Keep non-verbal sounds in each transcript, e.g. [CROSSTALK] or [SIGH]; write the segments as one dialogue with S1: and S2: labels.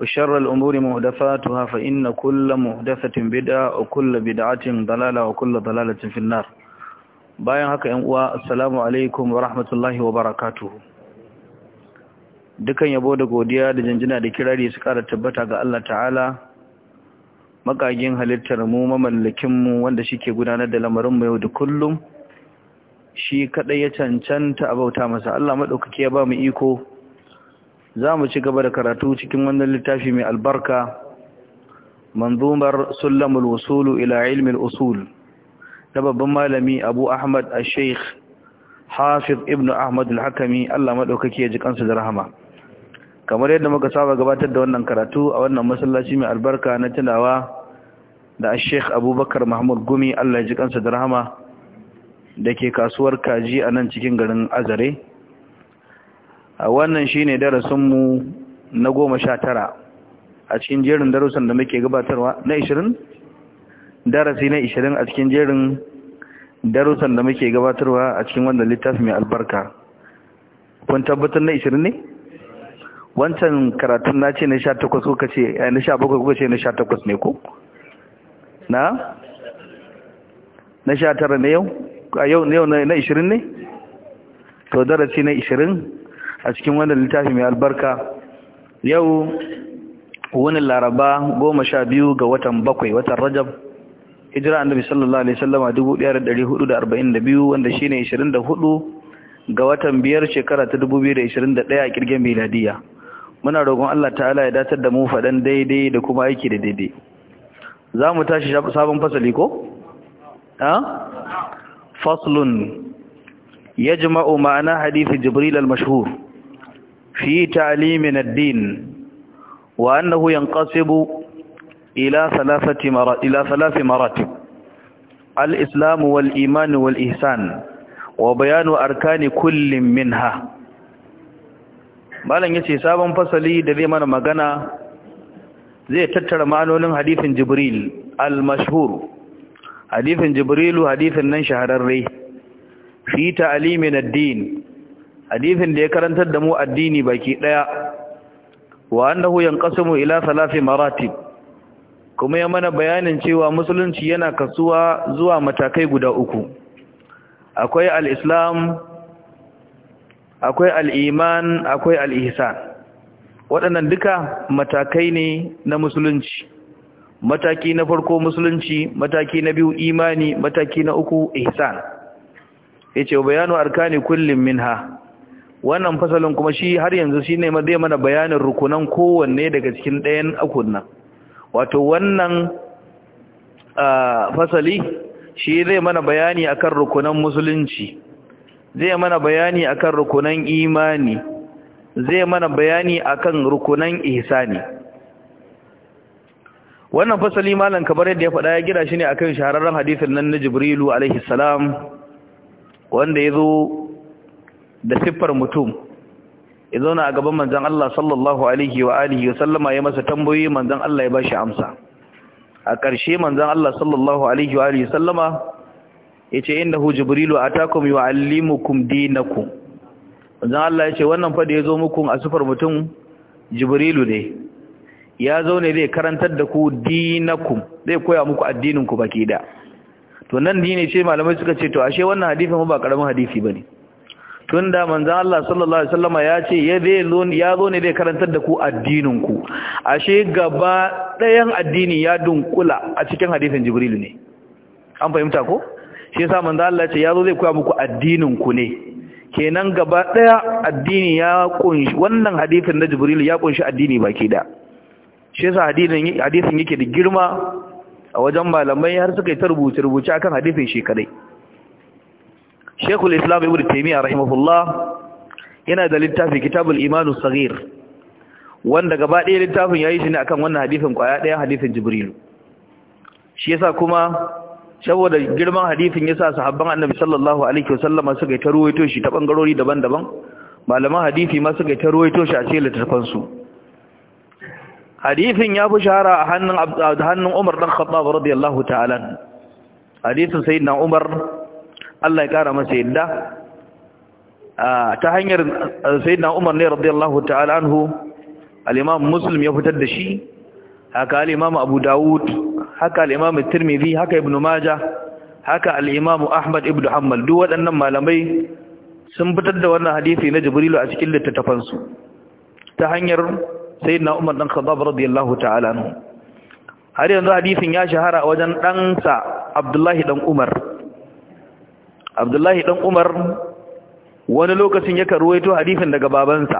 S1: وشر الأمور مهدفاتها فإن كل مهدفة بدعة وكل بدعة ضلالة وكل ضلالة في النار bayan haka ‘yan uwa, Assalamu alaikum wa rahmatullahi wa barakatuhu. Dukan yabo da godiya da janjina da kirari su ƙara tabbata ga Allah ta'ala, makagin halittar mu mamallakinmu wanda shi ke gudanar da mu yau da kullum, shi kaɗai ya cancanta a bauta masa Allah maɗaukaki ya ba mu iko za mu ci gaba da karatu cikin wannan littafi mai albarka manzumar sulamul wasulu ila ilmil usul na babban malami abu ahmad a sheikh hafiz ibn ahmad al-hakami allah maɗaukaki ya ji kansu da rahama kamar yadda muka saba gabatar da wannan karatu a wannan masallaci mai albarka na tunawa da sheikh abubakar mahmud gumi allah ya ji kansu da rahama da ke kasuwar kaji a nan cikin garin azare wannan shi ne darasinmu na goma sha tara a cikin jerin darussan da muke gabatarwa na ishirin darasi na ishirin a cikin jerin darussan da muke gabatarwa a cikin wannan littafi mai albarka kun tabbatar na ishirin ne wancan karatun na ce na sha takwas kuka ce eh, na sha bakwai kuka ce na sha takwas ne ko na na sha tara na yau a yau na ishirin ne to darasi na ishirin a cikin wannan littafi mai albarka yau wani laraba goma sha biyu ga watan bakwai watan rajab hijira annabi sallallahu alaihi sallama dubu ɗaya da ɗari hudu da arba'in da biyu wanda shine ishirin da hudu ga watan biyar shekara ta dubu biyu da ishirin da ɗaya a ƙirgin miladiya muna roƙon allah ta'ala ya datar da mu faɗan daidai da kuma aiki da daidai za mu tashi sabon fasali ko? faslun ya jima'u ma'ana hadithi jibril al-mashhur في تعليم الدين وأنه ينقسم إلى ثلاثة مراتب إلى ثلاث مراتب الإسلام والإيمان والإحسان وبيان أركان كل منها malam yace sabon fasali da zai mana magana zai tattara ma'anonin hadisin Jibril al-mashhur hadisin Jibrilu hadisin nan shahararre fi ta'limin ad-din hadisin da ya karantar da mu addini baki daya wa annahu yanqasimu ila thalathi maratib kuma ya mana bayanin cewa musulunci yana kasuwa zuwa matakai guda uku akwai al akwai al akwai al-ihsan waɗannan duka matakai ne na musulunci mataki na farko musulunci mataki na biyu imani mataki na uku ihsan yace bayanu arkani kullin minha wannan fasalin kuma shi har yanzu shi ne zai mana bayanin rukunan kowanne daga cikin ɗayan akunnan wato wannan fasali shi zai mana bayani akan rukunan musulunci zai mana bayani akan rukunan imani zai mana bayani akan rukunan ihsani wannan fasali malam kamar yadda ya faɗa ya gida shi ne akan shahararren hadisin nan na Jibrilu a.s.w wanda ya zo da siffar mutum ya zauna a gaban manzan Allah sallallahu alaihi wa alihi wa sallama ya masa tambayoyi manzan Allah ya bashi amsa a ƙarshe manzan Allah sallallahu alaihi wa alihi wa sallama ya ce innahu jibrilu atakum yuallimukum dinakum manzan Allah ya ce wannan fa da ya zo muku a siffar mutum jibrilu ne ya zo ne zai karantar da ku dinakum zai koya muku addinin ku baki da to nan dine ce malamai suka ce to ashe wannan hadisin ba karamin hadisi bane tun da manzan Allah sallallahu Alaihi wasallama ya ce ya zo ne zai karantar da ku addininku ashe gaba ɗayan addini ya dunkula a cikin hadisin jibril ne an fahimta ko shi yasa manzan Allah ce ya zo zai koya muku addininku ne kenan gaba ɗaya addini ya kunshi wannan hadisin na jibril ya kunshi addini baki da shi yasa hadisin yake da girma a wajen malamai har suka yi ta rubuce-rubuce akan hadisin shi kadai shekul islam ibn taimiyya rahimahullah yana da littafi kitabul imanu sagir wanda gaba ɗaya littafin ya yi shi ne akan wannan hadifin kwaya ɗaya hadifin jibrilu shi yasa kuma saboda girman hadifin yasa sahabban annabi sallallahu alaihi wasallama suka yi ta ruwaito shi ta bangarori daban-daban malaman hadifi ma suka yi ta ruwaito shi a cikin littafansu hadifin ya fi shahara a hannun hannun Umar dan Khattab radiyallahu ta'ala hadisin sayyidina Umar Allah ya kara masa yadda ta hanyar eh, sayyidina Umar ne radiyallahu ta'ala anhu al-Imam Muslim ya fitar da shi haka al-Imam Abu Dawud haka al-Imam Tirmidhi haka Ibn Majah haka al-Imam Ahmad ibn Hanbal duk waɗannan malamai sun fitar da wannan hadisi na Jibrilu a cikin littattafansu ta hanyar sayyidina Umar dan Khattab radiyallahu ta'ala anhu har yanzu hadisin ya shahara wajen ɗansa Abdullahi dan Umar abdullahi ɗan umar wani lokacin ya karuwaito hadisin daga babansa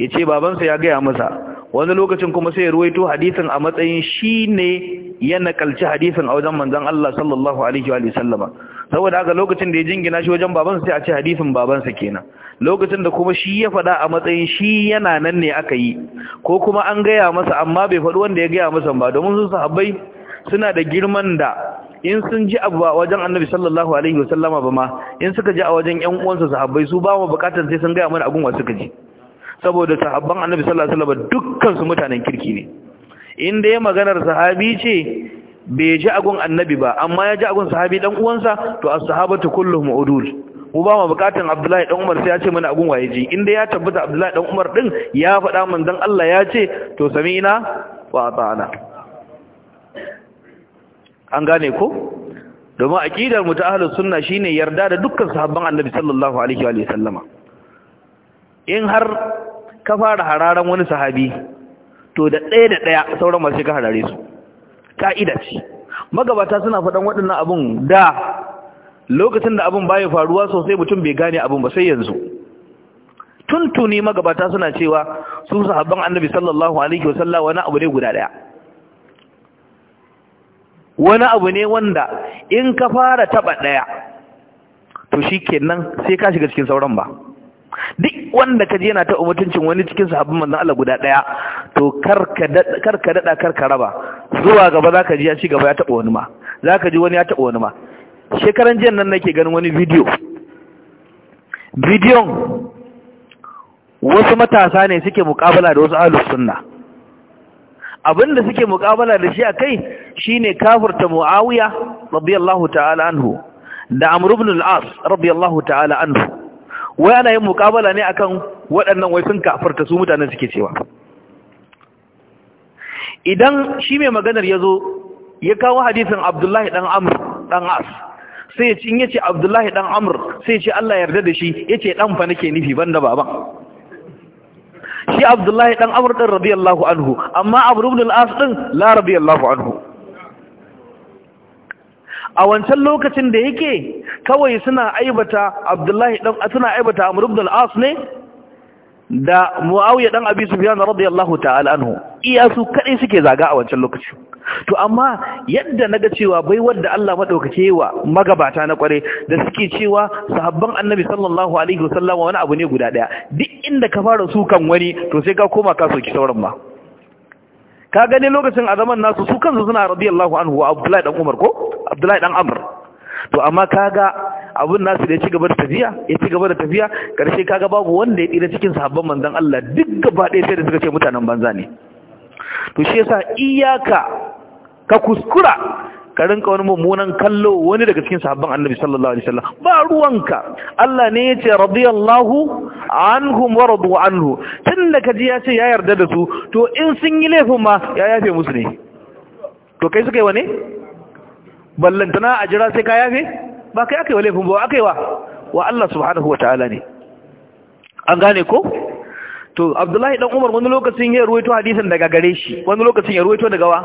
S1: ya ce babansa ya gaya masa wani lokacin kuma sai ya ruwaito hadisin a matsayin shi ne ya nakalci hadisin a wajen manzan Allah sallallahu Alaihi wa sallama saboda haka lokacin da ya jingina shi wajen babansa sai a ce hadisin babansa kenan lokacin da kuma shi ya faɗa a matsayin shi yana nan ne aka yi ko kuma an gaya masa amma bai faɗi wanda ya gaya masa ba domin sun sahabbai suna da girman da in sun ji abu a wajen annabi sallallahu alaihi wasallama ba ma in suka ji a wajen yan uwansa sahabbai su ba mu bukatar sai sun gaya mana abun wasu suka ji saboda sahabban annabi sallallahu alaihi wasallama dukkan su mutanen kirki ne in dai maganar sahabi ce bai ji agun annabi ba amma ya ji agun sahabi dan uwansa to as-sahabatu kulluhum udul mu ba mu bukatun Abdullahi dan Umar sai ya ce mana agun waye ji in dai ya tabbata Abdullahi dan Umar din ya faɗa mun dan Allah ya ce to sami'na wa ata'ana an gane ko domin aqidar mu ta ahlus sunna shine yarda da dukkan sahabban annabi sallallahu alaihi wa sallama in har ka fara hararan wani sahabi to da ɗaya da ɗaya sauran masu ka harare su ka'ida ce magabata suna faɗan waɗannan abun da lokacin da abun baya faruwa sosai mutum bai gane abun ba sai yanzu tuntuni magabata suna cewa su sahabban annabi sallallahu alaihi sallama wani abu ne guda ɗaya wani abu ne wanda in ka fara taba ɗaya to shi kenan sai ka shiga cikin sauran ba duk wanda ka je yana taɓa mutuncin wani cikin sahabin manzan Allah guda ɗaya to kar ka daɗa kar ka raba zuwa gaba za ka ji ya ci gaba ya taɓa wani ma za ka ji wani ya taɓa wani ma shekaran jiyan nan nake ganin wani bidiyo bidiyon wasu matasa ne suke mukabala da wasu ahlus sunna abin da suke mukabala da shi a kai shi ne kafurta mu'awiya radiyallahu ta'ala anhu da amur ibn al'as radiyallahu ta'ala anhu wai ana yin mukabala ne akan waɗannan wai sun kafurta su mutanen suke cewa idan shi mai maganar ya zo ya kawo hadisin abdullahi ɗan amur ɗan as sai ya ci in yace abdullahi ɗan amur sai ya ce allah yarda da shi yace ce ɗan fa nake nufi ban da baban shi abdullahi dan amr rabi radiyallahu anhu amma amr ibn al din la radiyallahu anhu a wancan lokacin da yake kawai suna aibata abdullahi dan suna aibata amr ibn ne da muawiya dan abi sufyan radiyallahu ta'ala ta'al'anhu iya su kaɗai suke zaga a wancan lokacin to amma yadda ga cewa bai wadda Allah madaukake wa magabata na kware da suke cewa sahabban annabi sallallahu alaihi wasallam wani abu ne guda daya duk inda ka fara sukan wani to sai ka koma ka soki sauran ma ka gani lokacin a zaman nasu su kansu suna radiyallahu anhu Abdullahi dan Umar ko Abdullahi dan Amr to amma kaga abin nasu da ya ci gaba da tafiya ya ci gaba da tafiya karshe kaga babu wanda ya tsira cikin sahabban manzon Allah duk gaba ɗaya sai da suka ce mutanen banza ne to shi yasa iyaka ka kuskura ka rinka wani mummunan kallo wani daga cikin sahabban annabi sallallahu alaihi wasallam ba ruwanka Allah ne ya ce radiyallahu anhum wa radu anhu tunda ka ji ya ce ya yarda da su to in sun yi laifin ma ya yafe musu ne to kai suka yi wani ballantana a jira sai ka yafe ba kai aka yi wa laifin ba aka yi wa wa Allah subhanahu wa ta'ala ne an gane ko to abdullahi dan umar wani lokacin ya ruwaito hadisin daga gare shi wani lokacin ya ruwaito daga wa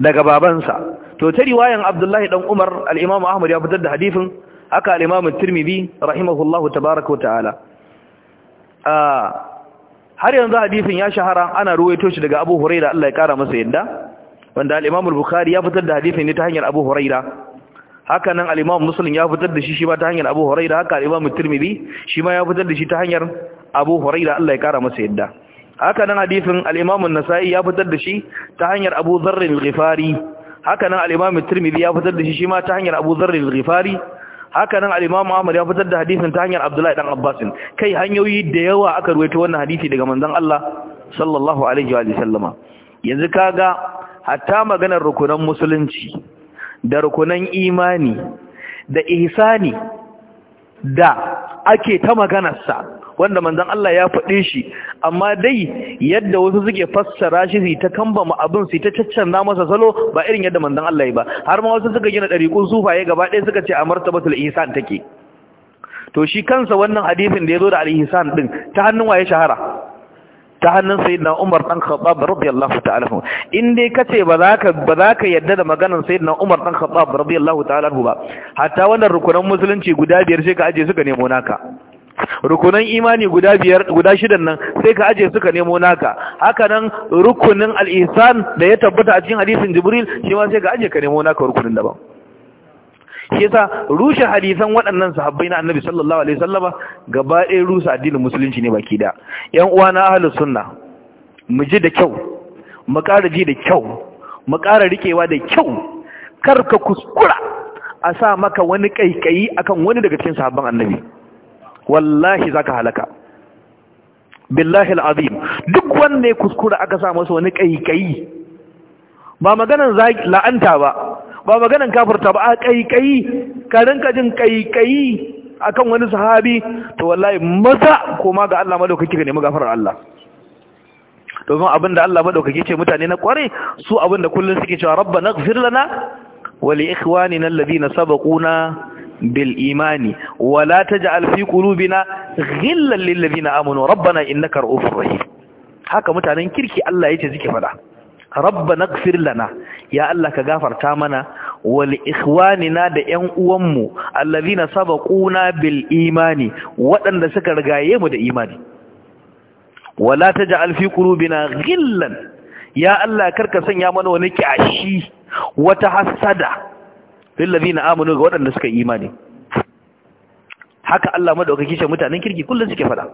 S1: daga babansa to ta riwayan abdullahi dan umar al-imam ahmad ya fitar da hadisin haka al-imam at-tirmidhi rahimahullahu tabaaraka wa ta'ala har yanzu hadisin ya shahara ana ruwaito shi daga abu huraira Allah ya kara masa yadda wanda al-imam al-bukhari ya fitar da hadisin ne ta hanyar abu huraira haka nan al-imam muslim ya fitar da shi shi ma ta hanyar abu huraira haka al-imam at-tirmidhi shi ma ya fitar da shi ta hanyar abu huraira Allah ya kara masa yadda haka nan hadisin al-imam an-nasa'i ya fitar da shi ta hanyar abu dharr al-ghifari haka nan al-imam tirmidhi ya fitar da shi shima ta hanyar abu dharr al-ghifari haka nan al-imam ahmad ya fitar da hadisin ta hanyar abdullahi dan abbas kai hanyoyi da yawa aka ruwaito wannan hadisi daga manzon Allah sallallahu alaihi wa sallama yanzu kaga hatta maganar rukunan musulunci da rukunan imani da ihsani da ake ta maganarsa wanda manzan Allah ya faɗe shi amma dai yadda wasu suke fassara shi su ta kambama abin su ta caccanza masa salo ba irin yadda manzan Allah ya ba har ma wasu suka gina ɗariƙun sufaye gaba ɗaya suka ce a martabatul ihsan take to shi kansa wannan hadisin da ya zo da al-ihsan din ta hannun waye shahara ta hannun sayyidina Umar dan Khattab radiyallahu ta'ala anhu in dai kace ba za ka ba za ka yadda da maganar sayyidina Umar dan Khattab radiyallahu ta'ala anhu ba hatta wannan rukunan musulunci guda biyar sai ka aje suka nemo naka rukunan imani guda biyar guda shidan nan sai ka aje suka nemo naka haka nan rukunin al-ihsan da ya tabbata a cikin hadisin jibril shi ma sai ka aje ka nemo naka rukunin daban shi yasa rushe hadisan waɗannan sahabbai na annabi sallallahu alaihi wasallama gaba ɗaya rusa addinin musulunci ne baki da ƴan uwa na ahlus sunna mu ji da kyau mu ƙara ji da kyau mu ƙara rikewa da kyau kar ka kuskura a sa maka wani kaikayi akan wani daga cikin sahabban annabi wallahi zaka halaka billahi alazim duk wanda ya kuskura aka sa masa wani kaikayi ba maganan la'anta ba ba maganan kafirta ba a kaikayi ka rinka jin kaikayi akan wani sahabi to wallahi maza koma ga Allah madaukaki ka nemi gafarar Allah domin abinda Allah madaukaki ce mutane na kware su abinda kullun suke cewa rabbana ighfir lana wa li ikhwanina alladhina sabaquna bil imani wala taj'al fi qulubina ghillan lil ladina amanu rabbana innaka rahim haka mutanen kirki Allah yace suke fada rabbana ighfir lana ya Allah ka gafarta mana wal ikhwanina da ƴan uwanmu allazina sabaquna bil imani waɗanda suka rigaye mu da imani wala taj'al fi qulubina ghillan ya Allah karka sanya mana wani kyashi wata hasada na Aminu ga waɗanda suka yi imani haka Allah maɗaukaki shi mutanen kirki kullum suke fada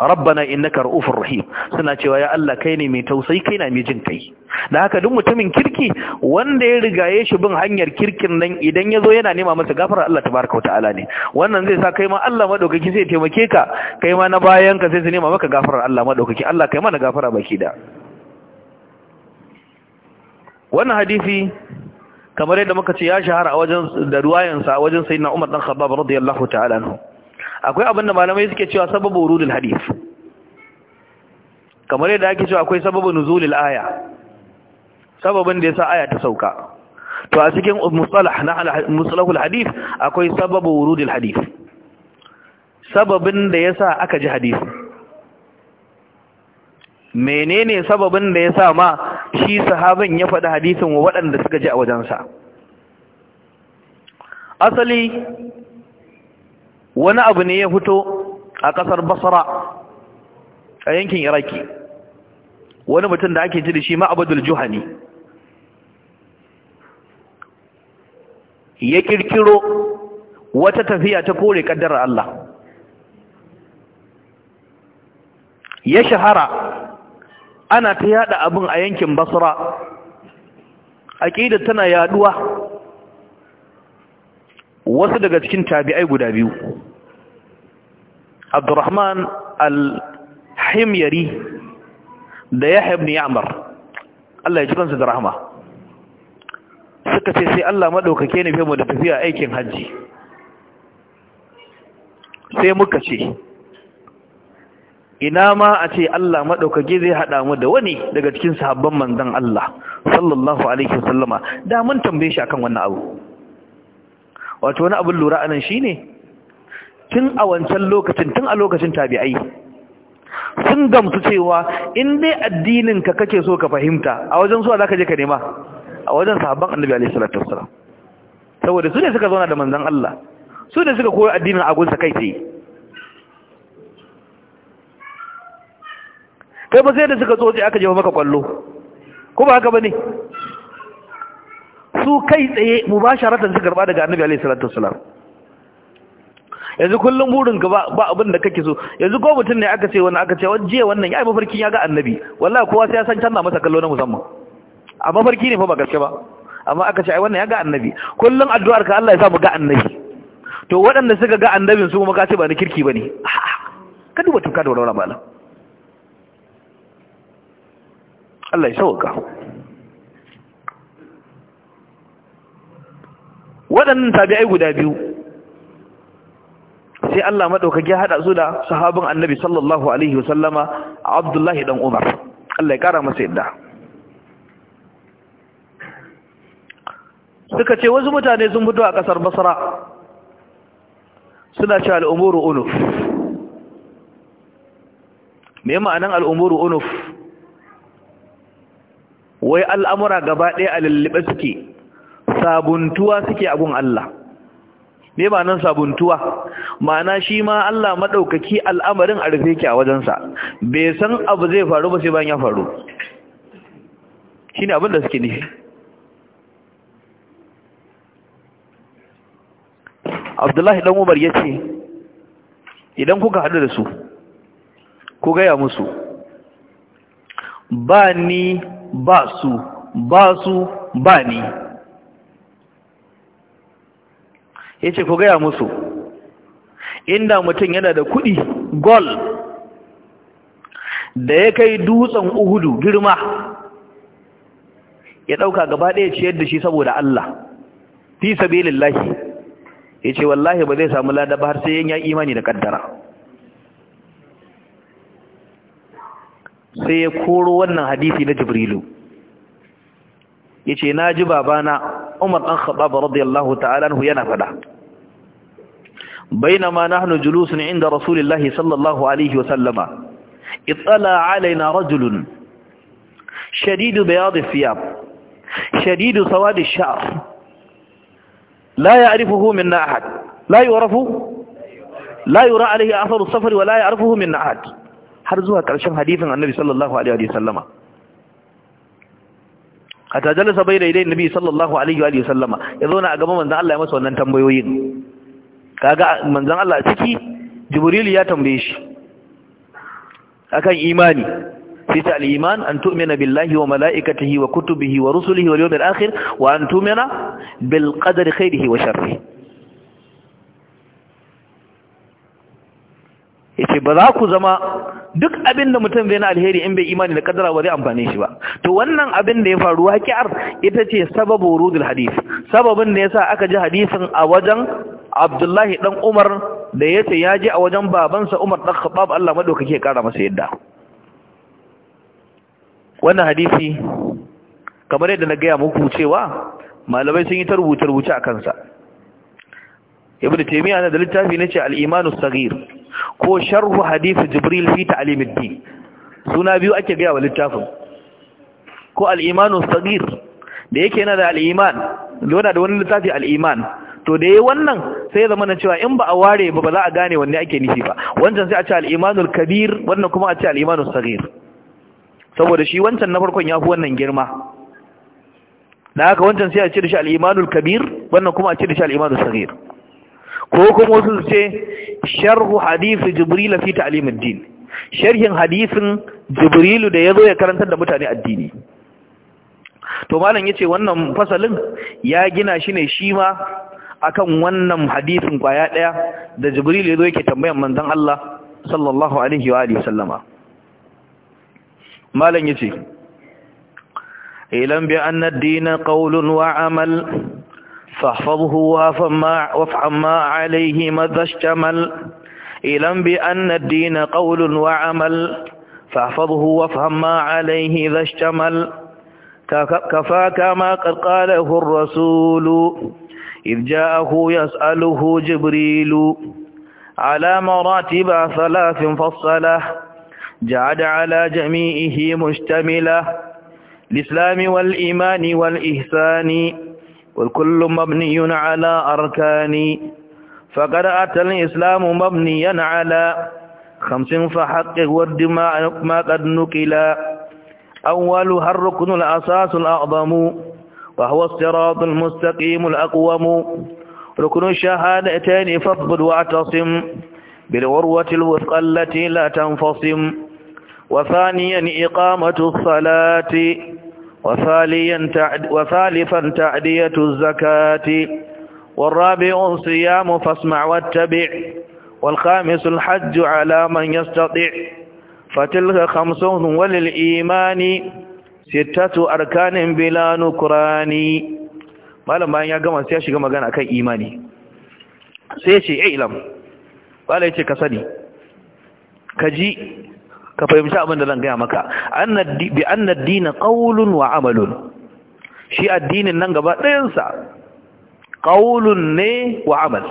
S1: rabbana innaka ra'ufur rahim suna cewa ya Allah kai ne mai tausayi kai na mai jin kai da haka duk mutumin kirki wanda ya riga rigaye shi bin hanyar kirkin nan idan ya zo yana nema masa gafara Allah tabaraka wa ta'ala ne wannan zai sa kai ma Allah madaukaki zai taimake ka kai ma na bayan ka sai su nema maka gafarar Allah madaukaki Allah kai na gafara baki da wannan hadisi kamar yadda muka ce ya shahara a wajen da ruwayansa a wajen sayyidina Umar dan Khabbab radiyallahu ta'ala nahu. akwai abinda malamai suke cewa sababu urudul hadith kamar yadda ake cewa akwai sababu nuzulil aya sababin da ya sa aya ta sauka to a cikin mustalah na mustalahul hadith akwai sababu urudul hadith sababin da ya sa aka ji hadisi menene sababin da ya sa ma shi sahabin ya faɗi hadisin wa waɗanda suka ji a wajensa asali wani abu ne ya fito a ƙasar basara a yankin iraki wani mutum da ake ji da shi ma'abadul juhani ya ƙirƙiro wata tafiya ta kore ƙaddara Allah ya shahara ana ta yada abin a yankin basra aqida tana yaduwa wasu daga cikin tabi'ai guda biyu Abdurrahman al-Himyari da Yahya ibn Ya'mar Allah ya ji kansu da rahama suka ce sai Allah madaukake ne mu da tafiya aikin hajji sai muka ce ina ma a ce Allah maɗaukaki zai haɗa mu da wani daga cikin sahabban manzan Allah sallallahu alaihi wasallama da mun tambaye shi akan wannan abu wato wani abin lura anan shine tun a wancan lokacin tun a lokacin tabi'ai sun gamsu cewa in dai addinin ka kake so ka fahimta a wajen suwa zaka je ka nema a wajen sahabban annabi alaihi salatu wassalam saboda su ne suka zauna da manzan Allah su ne suka koyi addinin a gunsa kai tsaye kai ba sai da suka tsoce aka jefa maka kwallo ko ba haka bane su kai tsaye mubasharatan su karba daga annabi alaihi salatu wasalam yanzu kullum burin ka ba abin da kake so yanzu ko mutum ne aka ce wani aka ce jiya wannan yi mafarkin ya ga annabi wallahi kowa sai ya san canza masa kallo na musamman a mafarki ne fa ba gaske ba amma aka ce ai wannan ya ga annabi kullum addu'ar ka Allah ya sa mu ga annabi to waɗanda suka ga annabin su kuma ka ce ba ni kirki bane ka duba tuka da wannan malam Allah ya sauka waɗannan tabi'ai guda biyu sai Allah maɗaukaki haɗa su da sahabin annabi sallallahu alaihi wasallama abdullahi ɗan umar Allah ya ƙara masa yadda suka ce wasu mutane sun fito a ƙasar basra suna ce al'umuru unuf me ma'anin al'umuru unuf wai al'amura gaba ɗaya a lullube suke sabuntuwa suke abun Allah me ba nan sabuntuwa ma'ana shi ma Allah maɗaukaki al'amarin a rufe ki a wajensa bai san abu zai faru ba sai bayan ya faru shi ne abin da suke nufi abdullahi ɗan umar ya ce idan kuka haɗu da su ku gaya musu ba ni ba su ba su ba ni ya ce ku gaya musu inda mutum yana da kuɗi gol da ya kai dutsen uhudu girma ya ɗauka gaba ɗaya ciyar da shi saboda Allah fi sabilillahi ya ce wallahi ba zai samu ladaba har sai yin ya imani da kaddara sai ya koro wannan hadisi na jibrilu ya ce na ji babana umar ɗan khaɓaɓa radiyallahu ta'ala yana faɗa بينما نحن جلوس عند رسول الله صلى الله عليه وسلم اطلع علينا رجل شديد بياض الثياب شديد سواد الشعر لا يعرفه منا أحد لا يعرف لا يرى عليه أثر السفر ولا يعرفه منا أحد har zuwa ƙarshen hadithin annabi sallallahu alaihi wa sallama hatta jalasa bai daidai nabi sallallahu alaihi wa sallama ya zo na a gaban manzon Allah ya masa wannan tambayoyin kaga manzon Allah ciki jibril ya tambaye shi akan imani sai ta al-iman an tu'mina billahi wa mala'ikatihi wa kutubihi wa rusulihi wal yawmil akhir wa an tu'mina bil qadri khairihi wa sharrihi yace ba za ku zama duk abin da mutum zai na alheri in bai imani da kaddara ba zai amfane shi ba to wannan abin da ya faru waqi'ar ita ce sababu rudul hadith sababin da yasa aka ji hadisin a wajen Abdullahi dan Umar da yace ya je a wajen babansa Umar dan Khattab Allah madaukake ya kara masa yadda wannan hadisi kamar yadda na gaya muku cewa malamai sun yi ta rubuce a kansa ibn taymiya na da littafi nace al as saghir ko sharhu hadisi jibril fi ta'limid din suna biyu ake gaya wa littafin ko al-imanu sagir da yake yana da al-iman yana da wani littafi al-iman to da yayi wannan sai zama na cewa in ba a ware ba ba za a gane wanne ake nishi ba wancan sai a ce al-imanul kabir wannan kuma a ce al-imanus sagir saboda shi wancan na farkon ya fi wannan girma da haka wancan sai a ce da shi al-imanul kabir wannan kuma a ce da shi al-imanus sagir ko kuma wasu su ce sharhu hadisi jibril fi ta'limid din sharhin hadisin jibrilu da yazo ya karantar da mutane addini to malam yace wannan fasalin ya gina shi ne shi ma akan wannan hadisin kwaya daya da jibril yazo yake tambayan manzon Allah sallallahu alaihi wa alihi sallama malam yace ilam bi anna ad-din qawlun wa amal فاحفظه وافهم ما عليه ماذا اشتمل إلم بأن الدين قول وعمل فاحفظه وافهم ما عليه ذا اشتمل كفاك ما قد قاله الرسول إذ جاءه يسأله جبريل على مراتب ثلاث فصله جعد على جميعه مشتمله الإسلام والإيمان والإحسان والكل مبني على أركان فقد أتى الإسلام مبنيا على خمس فحقق ورد ما قد نكلا أولها الركن الأساس الأعظم وهو الصراط المستقيم الأقوم ركن الشهادتين فاضبط واعتصم بالعروة الوثقى التي لا تنفصم وثانيا إقامة الصلاة وثالثا تعدية الزكاة والرابع صيام فاسمع واتبع والخامس الحج على من يستطيع فتلك خمس وللإيمان ستة أركان بلا نكران malam bayan ya gama sai ya shiga magana akan imani sai ya ce ya ilam bala ya ce ka sani ka ji ka fahimci abin da zan gaya maka bi na dina wa amalun shi addinin nan gaba ɗayansa qaulun ne wa amal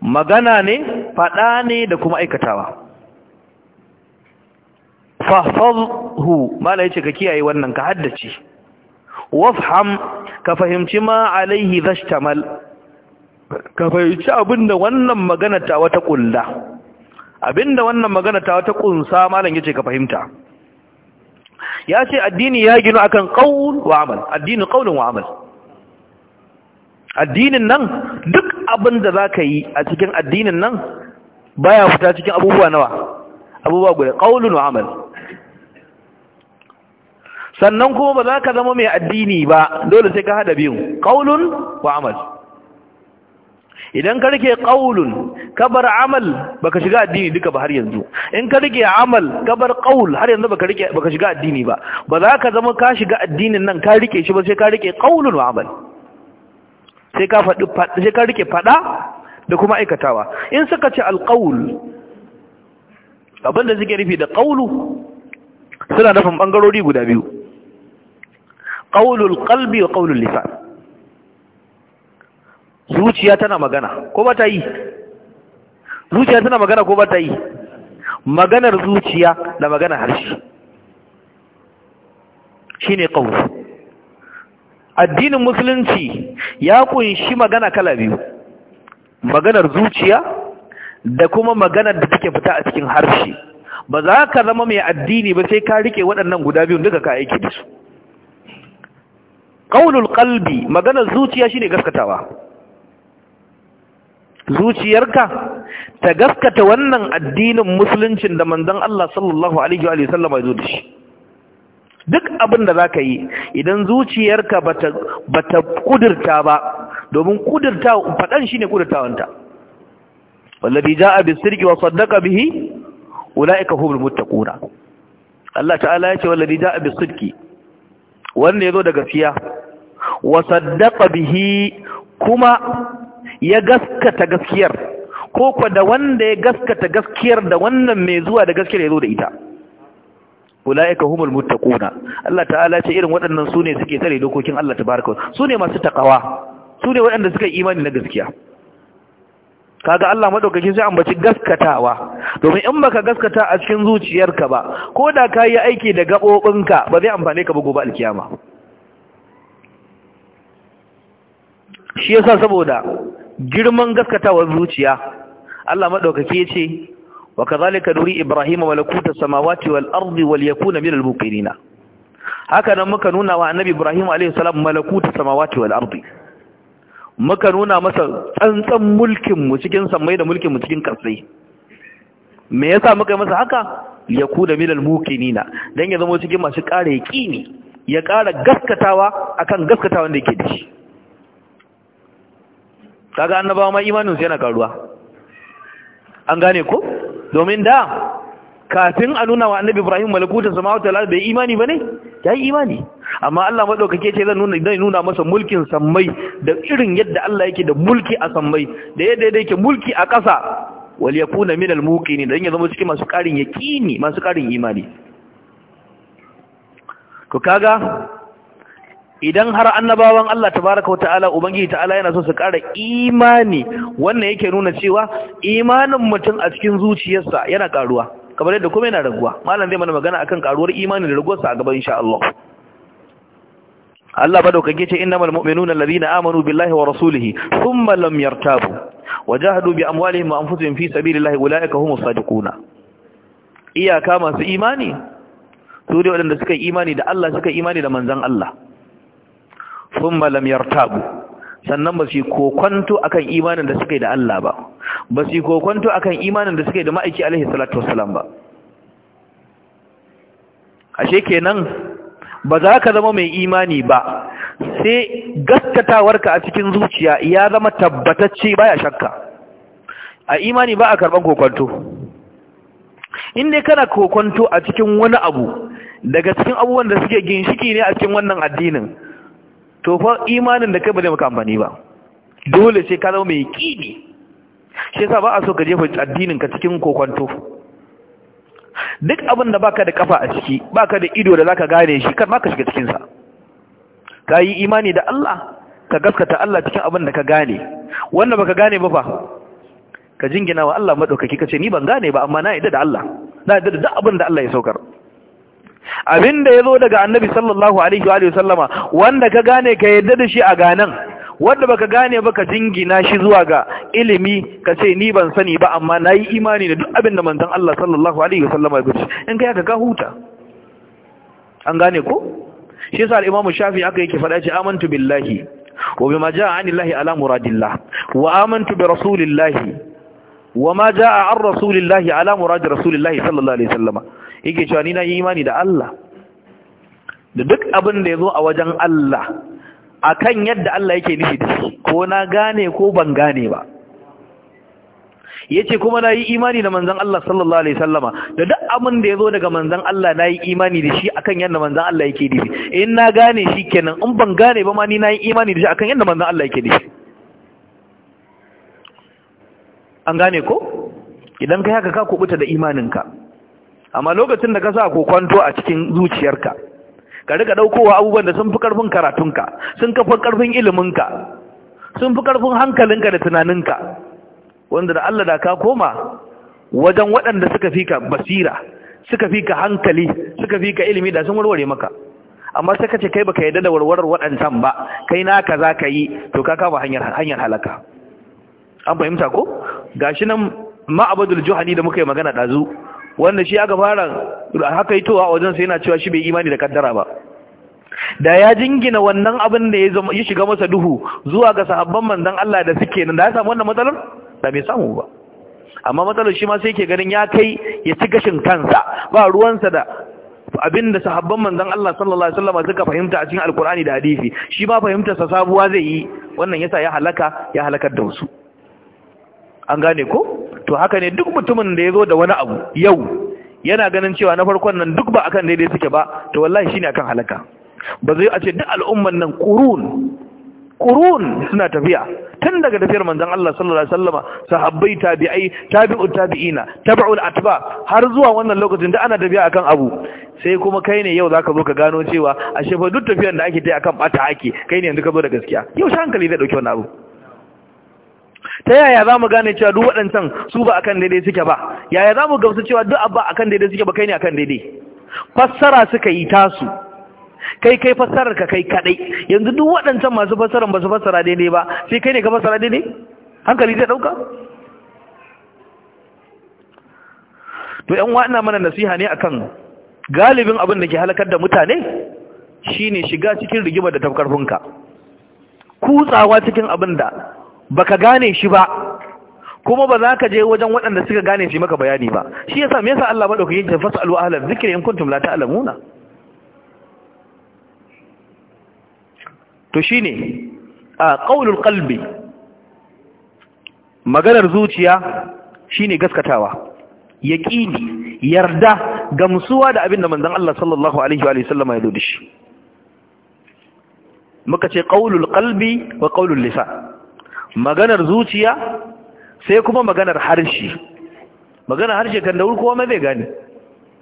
S1: magana ne faɗa ne da kuma aikatawa fahfazhu mala yace ka kiyaye wannan ka haddace wafham ka fahimci ma alaihi zashtamal ka fahimci abinda wannan maganata wata kulla abinda wannan magana ta wata kunsa malam yace ka fahimta ya ce addini ya gino akan qaul wa amal addini qaulun wa amal addinin nan duk abin da zaka yi a cikin addinin nan baya fita cikin abubuwa nawa abubuwa guda qaulun wa amal sannan kuma ba za ka zama mai addini ba dole sai ka hada biyun qaulun wa amal idan ka rike qaulun kabar amal baka shiga addini duka ba har yanzu in ka rike amal kabar qaul har yanzu baka rike baka shiga addini ba ba za ka zama ka shiga addinin nan ka rike shi ba sai ka rike qaulun wa amal sai ka fadi sai ka rike faɗa da kuma aikatawa in suka ce alqaul abinda suke nufi da qaulu suna nufin bangarori guda biyu qaulul qalbi wa qaulul lisan zuciya tana magana ko ba ta yi zuciya tana magana ko ba ta yi maganar zuciya da maganar harshe shine qaul addinin musulunci ya kunshi magana kala biyu maganar zuciya da kuma maganar da take fita a cikin harshe ba za ka zama mai addini ba sai ka rike waɗannan guda biyun duka ka aiki da su ƙaunul ƙalbi maganar zuciya shine gaskatawa zuciyarka ta gaskata wannan addinin musuluncin da manzon Allah sallallahu alaihi wa sallama ya zo da shi duk abin da zaka yi idan zuciyarka bata bata kudurta ba domin kudurta fadan shine kudurtawanta wallazi jaa bis-sirqi wa saddaqa bihi ulaika humul muttaquna Allah ta'ala ya ce wallazi jaa bis-sirqi wanda yazo da gaskiya wa saddaqa bihi kuma ya gaskata gaskiyar ko kwa da wanda ya gaskata gaskiyar da wannan mai zuwa da gaskiyar ya zo da ita ulaika humul muttaquna Allah ta'ala ce irin waɗannan su ne suke tsare dokokin Allah tabaraka su ne masu takawa su ne waɗanda suka yi imani na gaskiya kaga Allah madaukaki sai ambaci gaskatawa domin in baka gaskata a cikin zuciyarka ba ko da ka yi aiki da gabobinka ba zai amfane ka ba gobe alkiyama shi yasa saboda girman gaskatawar zuciya Allah madaukake ce wa kadhalika nuri ibrahima malakuta samawati wal ardi wal yakuna min al muqinin haka nan muka nuna wa annabi ibrahim alayhi salam malakuta samawati wal ardi muka nuna masa tsantsan mulkin mu cikin sammai da mulkin mu cikin kasai me yasa muka yi masa haka yakuna min al muqinin dan ya zama cikin masu kare yaqini ya kara gaskatawa akan gaskatawan da yake da shi kaga annabawa ma imanin su yana karuwa an gane ko domin da kafin a nuna wa annabi Ibrahim malakutan sama wata lalata bai imani ba ne? ya yi imani amma Allah maɗaukake ce zan nuna masa mulkin sammai da irin yadda Allah yake da mulki a sammai da yadda yake mulki a ƙasa wal ya kuna min almuki ne don ya zama cikin masu ƙarin yaƙini masu ƙarin imani to kaga idan har annabawan Allah tabaraka wa ta'ala ubangiji ta'ala yana so su ƙara imani wannan yake nuna cewa imanin mutum a cikin zuciyarsa yana ƙaruwa kamar yadda kuma yana raguwa malam zai mana magana akan ƙaruwar imani da raguwarsa a gaban insha Allah Allah madaukake ce innamal mu'minuna allazina amanu billahi wa rasulihi thumma lam yartabu wajahadu bi amwalihim wa anfusihim fi sabilillahi ulaika humus sadiquna iyaka masu imani su dai waɗanda suka imani da Allah suka imani da manzon Allah Sun lam yartabu sannan ba su kokwanto a kan imanin da suka yi da Allah ba ba su kokwanto a kan imanin da suka yi da ma'aiki alaihi salatu wasalam ba ashe kenan ba za ka zama mai imani ba sai gaskatawarka a cikin zuciya ya zama tabbatacce ya shakka a imani ba a karban kokwanto inda kana kokwanto a cikin wani abu daga cikin abubuwan da suke ginshiki ne a cikin wannan addinin to fa imanin da kai ba zai maka amfani ba dole sai ka zama mai kini shi yasa ba a so ka jefa addinin ka cikin kokonto duk abin da baka da kafa a ciki baka da ido da zaka gane shi kar ma ka shiga cikin sa ka yi imani da Allah ka gaskata Allah cikin abin da ka gane wanda baka gane ba fa ka jingina wa Allah madaukaki kace ni ban gane ba amma na yadda da Allah na yadda da abin da Allah ya saukar abinda ya zo daga annabi sallallahu alaihi wa sallama wanda ka gane ka yadda da shi a ganan wanda baka gane ba ka jingina shi zuwa ga ilimi ka ce ni ban sani ba amma na yi imani da duk abin da manzon Allah sallallahu alaihi wa sallama ya gudu in kai ka ka huta an gane ko shi yasa al-Imam Shafi aka yake fada ce amantu billahi wa bima jaa anillahi ala muradillah wa amantu bi rasulillahi wa ma jaa ar rasulillahi ala murad rasulillahi sallallahu alaihi wa sallama yake cewa ni na yi imani da Allah da duk abin da ya zo a wajen Allah a kan yadda Allah yake nufi da shi ko na gane ko ban gane ba Ya ce kuma na yi imani da manzan Allah sallallahu alaihi wasallama da duk abin da zo daga manzan Allah na yi imani da shi a kan yadda manzan Allah yake nufi in na gane shi kenan in ban gane ba ma ni na yi imani da shi a kan yadda manzan Allah yake nufi an gane ko idan ka yaka ka kubuta da imaninka amma lokacin da ka sa kwanto a cikin zuciyarka ka rika daukowa abubuwan da sun fi karfin karatunka sun kafa karfin iliminka sun fi karfin hankalinka da tunaninka wanda da Allah da ka koma wajen waɗanda suka fi ka basira suka fi ka hankali suka fi ka ilimi da sun warware maka amma sai ka ce kai baka yarda da warwarar waɗancan ba kai naka za ka yi to ka kama hanyar hanyar halaka an fahimta ko gashi nan ma'abadul juhani da muka yi magana ɗazu wanda shi aka fara haka yi towa wajen sai yana cewa shi bai imani da kaddara ba da ya jingina wannan abin da ya shiga masa duhu zuwa ga sahabban manzan Allah da suke nan da ya samu wannan matsalar da bai samu ba amma matsalar shi ma sai ke ganin ya kai ya ci gashin kansa ba ruwansa da abin da sahabban manzan Allah sallallahu alaihi wasallam suka fahimta a cikin alkur'ani da hadisi shi ba fahimtar sa sabuwa zai yi wannan yasa ya halaka ya halakar da wasu an gane ko to haka ne duk mutumin da ya zo da wani abu yau yana ganin cewa na farkon nan duk ba kan daidai suke ba to wallahi shine akan halaka ba zai a ce duk al'umman nan kurun, kurun suna tafiya tun daga tafiyar manzon Allah sallallahu alaihi wasallama sahabbai tabi'ai tabi'u tabi'ina tabi'ul atba har zuwa wannan lokacin da ana tafiya akan abu sai kuma kai ne yau zaka zo ka gano cewa ashe fa duk tafiyar da ake ta akan bata ake kai ne yanzu ka zo da gaskiya yau shi hankali zai dauki wannan abu ta yaya za mu gane cewa duk waɗancan su ba akan daidai suke ba yaya za mu gamsu cewa duk abba akan daidai suke ba kai ne akan daidai fassara suka yi tasu kai kai fassarar ka kai kadai yanzu duk waɗancan masu fassarar ba su fassara daidai ba sai kai ne ka fassara daidai hankali zai ɗauka to yan wa'ana mana nasiha ne akan galibin abin da ke halakar da mutane shine shiga cikin rigima da tafkarfinka kutsawa cikin abin da baka gane shi ba kuma ba za ka je wajen waɗanda suka gane shi maka bayani ba shi yasa me yasa Allah madaukaki ya fasa alu ahlan zikri in kuntum la ta'lamuna to shine a qaulul qalbi maganar zuciya shine gaskatawa yaqini yarda gamsuwa da abin da manzon Allah sallallahu alaihi wa sallama ya dodishi muka ce qaulul qalbi wa qaulul lisan maganar zuciya sai kuma maganar harshe maganar harshe kan da kowa mai gani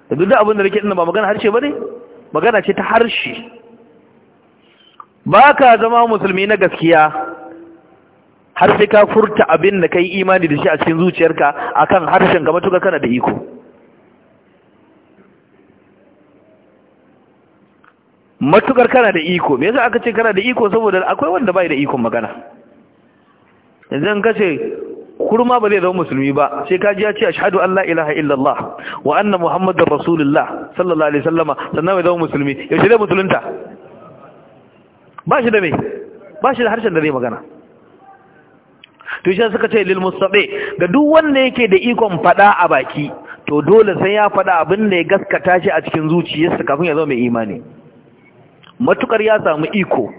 S1: da duk da abin da rike ba maganar harshe ba ne magana ce ta harshe ba ka zama musulmi na gaskiya har sai ka furta abin da ka yi imani da shi a cikin zuciyarka a kan harshen ka matuka kana da iko matukar kana da iko me yasa aka ce kana da iko saboda akwai wanda bai da ikon magana yanzu kace kurma ba zai zama musulmi ba sai ka ji ya ce ashhadu an la ilaha illallah wa anna muhammadar rasulullah sallallahu alaihi wasallama sannan ya zama musulmi yaushe zai musulunta ba shi da me ba shi da harshen da zai magana to shi suka ce lil mustaqi ga duk wanda yake da ikon fada a baki to dole sai ya fada abin da ya gaskata shi a cikin zuciyarsa kafin ya zama mai imani matukar ya samu iko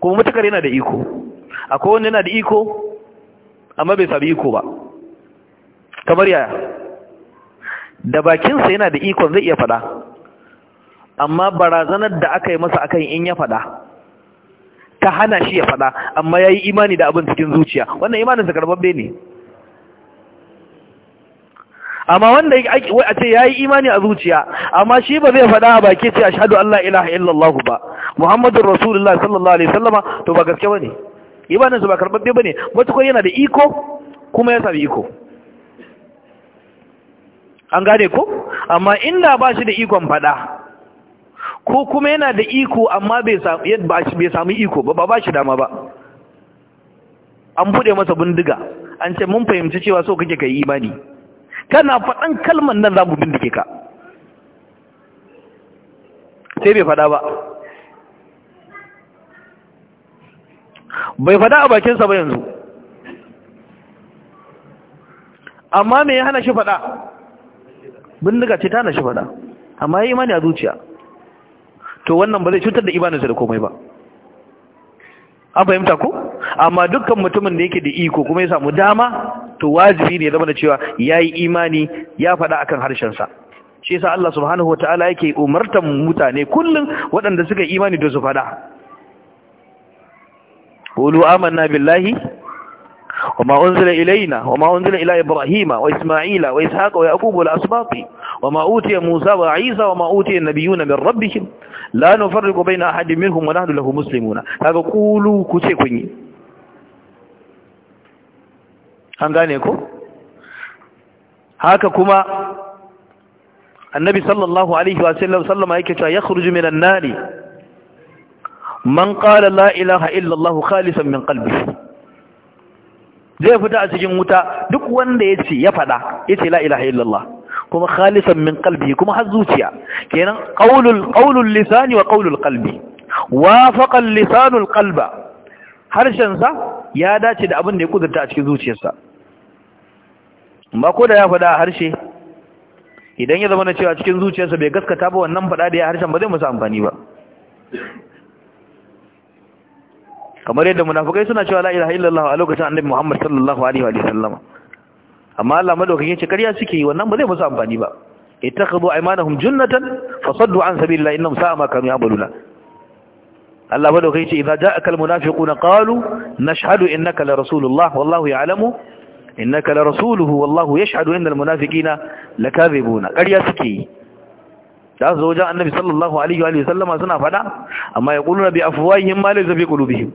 S1: kuma matukar yana da iko akwai wanda yana da iko amma bai sami iko ba kamar yaya da bakinsa yana da ikon zai iya fada amma barazanar da aka yi masa akan in ya fada ta hana shi ya fada amma ya yi imani da abin cikin zuciya wannan imaninsa karbabbe ne amma wanda a ce ya yi imani a zuciya amma shi ba zai fada a baki ce a shaɗu Allah ilaha illallahu ba Muhammadu Rasulullah sallallahu Alaihi wasallama to ba gaske ba ne ibanin su ba karbabbe bane matukar yana da iko kuma ya sami iko an gane ko amma inda ba shi da ikon fada ko kuma yana da iko amma bai sami iko ba ba shi dama ba an bude masa bindiga an ce mun fahimci cewa so kake ka yi imani kana faɗan kalman nan za mu bindike ka sai bai fada ba bai fada a bakinsa ba yanzu amma me ya hana shi fada bindiga ce ta hana shi fada amma ya yi imani a zuciya to wannan ba zai cutar da imaninsa da komai ba an fahimta ko amma dukkan mutumin da yake da iko kuma ya samu dama to wajibi ne zama da cewa ya yi imani ya faɗa akan sa. shi yasa Allah subhanahu wa ta'ala yake umartan mutane kullum waɗanda suka imani da su fada قولوا آمنا بالله وما أنزل إلينا وما أنزل إلى إبراهيم وإسماعيل وإسحاق ويعقوب والأسباط وما أوتي موسى وعيسى وما أوتي النبيون من ربهم لا نفرق بين أحد منهم ونحن له مسلمون هذا قولوا كتكني أنغانيكو هكا كما النبي صلى الله عليه وسلم وسلم يخرج من النار man qala la ilaha illallah khalisan min qalbihi zai fita a cikin wuta duk wanda ya ce ya faɗa ya ce la ilaha illallah kuma khalisan min qalbi kuma har zuciya kenan qaulul qaulul lisani wa qaulul qalbi wafaqa lisanul qalba harshen sa ya dace da abin da ya kudurta a cikin zuciyarsa ba ko da ya faɗa a harshe idan ya zama na cewa cikin zuciyarsa bai gaskata ba wannan faɗa da ya harshen ba zai musu amfani ba kamar yadda munafikai suna cewa la ilaha illallah a lokacin annabi Muhammad sallallahu alaihi wa sallama amma Allah madaukakin ce ƙarya suke yi wannan ba zai musu amfani ba ittakhadhu aymanahum junnatan fasaddu an sabilillahi innahum sa'a ma kanu ya'maluna Allah madaukakin ce idza ja'aka almunafiquna qalu nashhadu innaka la rasulullah wallahu ya'lamu innaka la rasuluhu wallahu yashhadu innal munafiqina lakadhibuna ƙarya suke yi da su zo wajen annabi sallallahu alaihi wa sallama suna fada amma yaquluna bi afwahihim ma laysa fi qulubihim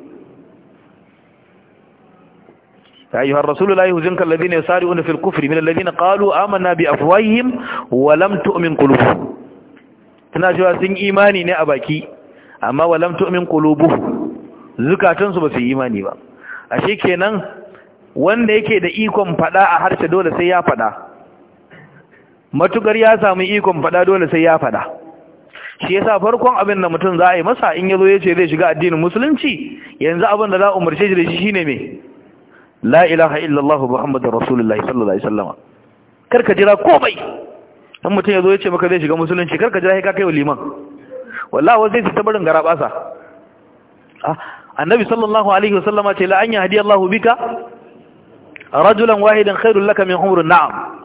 S1: يا أيها الرسول لا يهزنك الذين يسارعون في الكفر من الذين قالوا آمنا بأفواههم ولم تؤمن قلوبهم تناجوا سن إيماني نأباكي أما ولم تؤمن قلوبهم زكاة سبس إيماني ba. Ashe kenan wanda yake da ikon fada a harshe dole sai ya fada matukar ya samu ikon fada dole sai ya fada shi yasa farkon abin da mutum za a yi masa in yazo yace zai shiga addinin musulunci yanzu abin da za a umarce shi da shi shine me la ilaha illallah muhammadur rasulullahi sallallahu alaihi wasallam karka jira komai dan mutum yazo yace maka zai shiga musulunci karka jira sai ka kai wa liman wallahi wai zai ta barin garabasa ah, annabi sallallahu alaihi wasallam ce la an yahdi allah bika rajulan wahidan khairul laka min umrun na'am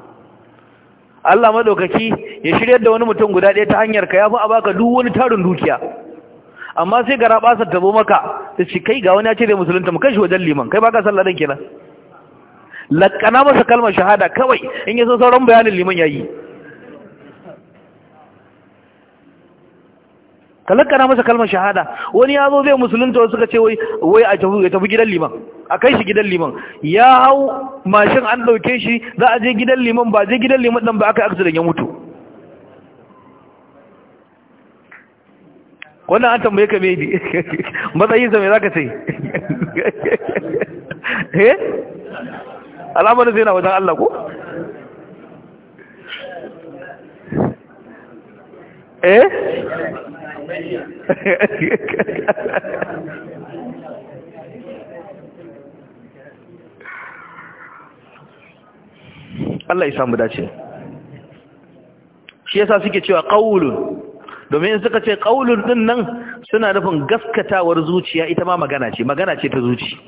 S1: Allah madaukaki ya shiryar da wani mutum guda ɗaya ta hanyar ka yafi abaka duk wani tarin dukiya amma sai gara basar tabo maka ta ce kai ga wani ya ce da musulunta mu kashi wajen liman kai baka sallah dan kenan lakana masa kalmar shahada kawai in yaso sauran bayanin liman yayi ka lakana masa kalmar shahada wani ya zo zai musulunta wasu suka ce wai wai a tafi tafi gidan liman a kai shi gidan liman ya hau mashin an dauke shi za a je gidan liman ba je gidan liman dan ba aka yi da ya mutu wannan an tambaye ka maybe matsayinsa mai za ka sai eh al'amarin zai na wajen Allah ko eh Allah ya samu dace shi yasa suke cewa qaulun domin suka ce ƙaunin ɗin nan suna nufin gaskatawar zuciya ita ma magana ce magana ce ta zuci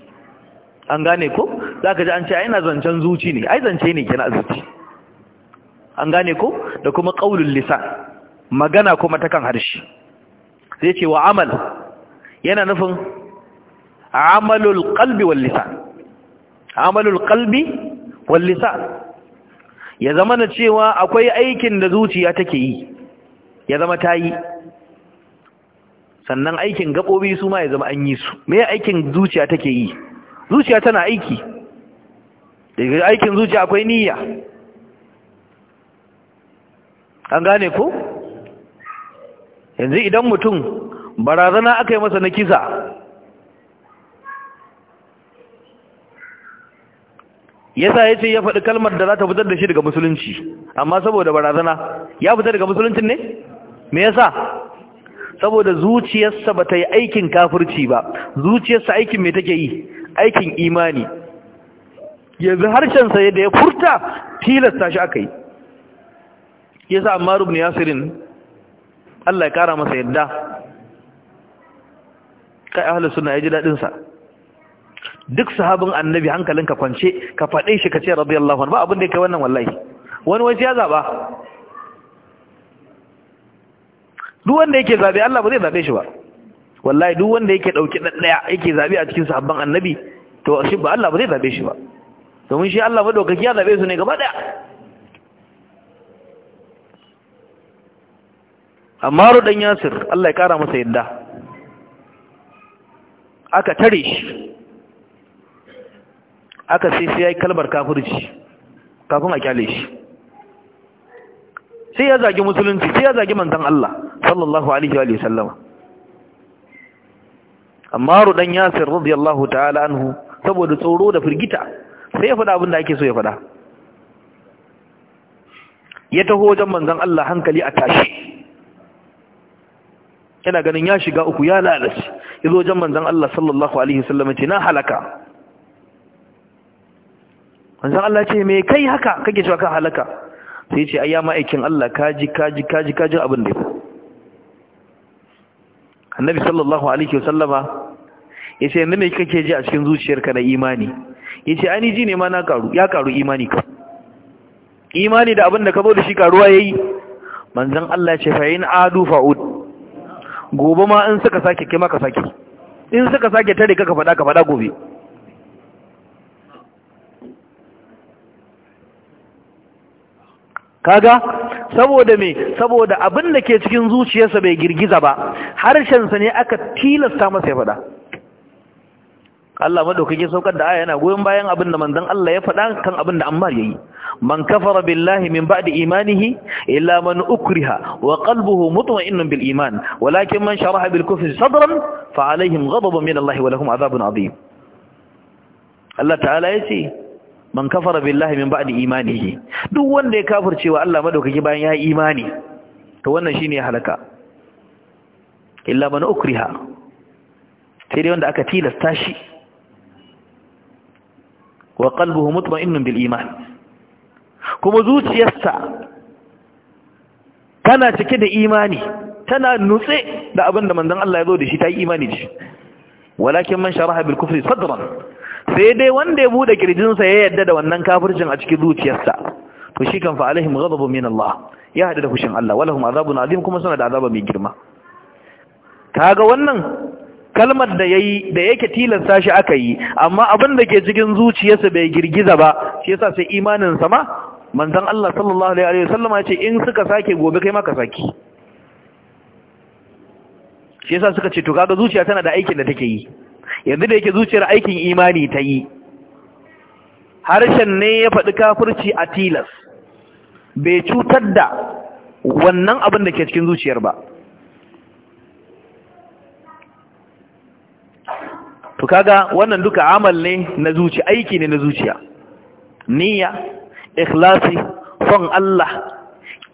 S1: an gane ko za ka ji an ce a, yana zancen zuci ne ai zance ne kina zuci an gane ko da kuma ƙaunin lisa. magana kuma ta kan harshe sai ce wa amal yana nufin amalul kalbi wal lisa amalul kalbi wal lisa ya zama na cewa akwai aikin da zuciya take yi ya zama ta yi sannan aikin gabobi su ma ya zama an yi su me aikin zuciya take yi zuciya tana aiki daga aikin zuciya akwai niyya an gane ko yanzu idan mutum barazana aka yi masa na kisa yasa ya ce ya faɗi kalmar da za ta fitar da shi daga musulunci amma saboda barazana ya fitar daga musulunci ne me yasa saboda zuciyarsa ba ta yi aikin kafirci ba zuciyarsa aikin mai take yi aikin imani yanzu harshensa yadda ya furta tilasta shi aka yi yasa amma rubni yasirin Allah ya kara masa yadda kai ahlus sunna ya ji dadin sa duk sahabin annabi hankalinka kwance ka fade shi kace radiyallahu anhu ba abin da yake wannan wallahi wani wai ya zaba duk wanda yake zabe Allah ba zai zabe shi ba wallahi duk wanda yake dauki daya yake zabe a cikin sahabban annabi to shi ba Allah ba zai zabe shi ba domin shi Allah madaukaki ya zabe su ne gaba daya Ammaru dan Yasir Allah ya kara masa yadda aka tare shi aka sai sai yi kalmar kafirci kafin a kyale shi sai ya zagi musulunci sai ya zagi manzan Allah sallallahu alaihi wa sallama amma rudan Yasir radiyallahu ta'ala anhu saboda tsoro da firgita sai ya faɗa abin da ake so ya faɗa ya taho wajen manzan Allah hankali a tashi yana ganin ya shiga uku ya lalace ya zo wajen manzan Allah sallallahu alaihi wa sallama ce na halaka manzan Allah ce me kai haka kake cewa ka halaka sai ce ayya ma'aikin Allah kaji kaji kaji kaji abin da annabi sallallahu alaihi wasallama ce yanzu me kake ji a cikin zuciyarka na imani Ya ce ni ji ne ma na karu ya karu imani ka imani da abin da ka zo da shi karuwa yi. manzan Allah ya ce fa adu fa'ud gobe ma in suka sake kai ka sake in suka sake tare ka ka faɗa ka faɗa gobe kaga saboda me saboda abin da ke cikin zuciyarsa bai girgiza ba harshensa ne aka tilasta masa ya faɗa Allah madaukake saukar da aya yana goyon bayan abin da manzon Allah ya faɗa kan abin da Ammar yayi man kafara billahi min ba'di imanihi illa man ukriha wa qalbuhu mutma'innun bil iman walakin man sharaha bil kufri sadran fa alaihim ghadabun min Allah wa lahum adhabun adhim Allah ta'ala yace man kafara billahi min ba'di imanihi duk wanda ya kafirce wa Allah madaukaki bayan ya imani to wannan shine halaka illa man ukriha sai dai wanda aka tilasta shi wa qalbuhu mutma'innun bil iman kuma zuciyarsa tana cike da imani tana nutse da abinda manzon Allah ya zo da shi ta yi imani da walakin man sharaha bil kufri sadran sai dai wanda ya bude kirjinsa ya yadda da wannan kafircin a cikin zuciyarsa to shi kan fa alaihim ghadabun min Allah ya hadu da fushin Allah walahum azabun azim kuma suna da azaba mai girma kaga wannan kalmar da yayi da yake tilasta shi aka yi amma abin da ke cikin zuciyarsa bai girgiza ba shi yasa sai imanin sa ma manzon Allah sallallahu alaihi wasallam ya ce in suka sake gobe kai ma ka saki shi yasa suka ce to kaga zuciya tana da aikin da take yi yanzu da yake zuciyar aikin imani ta yi harshen ne ya faɗi kafirci a tilas bai cutar da wannan abin da ke cikin zuciyar ba to kaga wannan duka amal ne na zuci aiki ne na zuciya niyya ikhlasi son Allah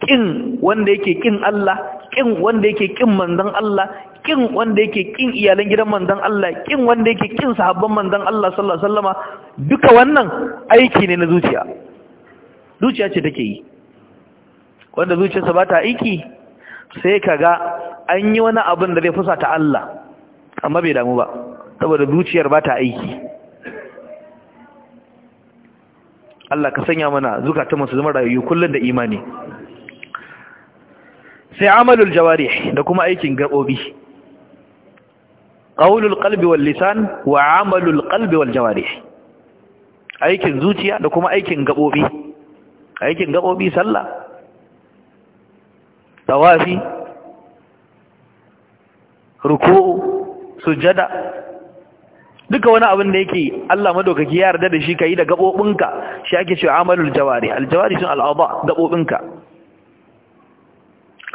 S1: kin wanda yake kin Allah kin wanda yake kin manzon Allah kin wanda yake kin iyalan gidan manzon Allah kin wanda yake kin sahabban manzon Allah sallallahu alaihi wasallama duka wannan aiki ne na zuciya zuciya ce take yi wanda zuciyarsa ba ta aiki sai kaga an yi wani abin da zai fusa ta Allah amma bai damu ba saboda zuciyar ba ta aiki Allah ka sanya mana zukata masu zama rayu kullum da imani sai amalul jawarih da kuma aikin gabobi ƙaunul ƙalbi wal lisan wa amalul ƙalbi wal jawari aikin zuciya da kuma aikin gaɓoɓi aikin gaɓoɓi sallah tawafi ruku'u sujada duka wani abin da yake Allah madaukaki ya yarda da shi kai da gaɓoɓinka shi ake cewa amalul jawari aljawari sun al'adha gaɓoɓinka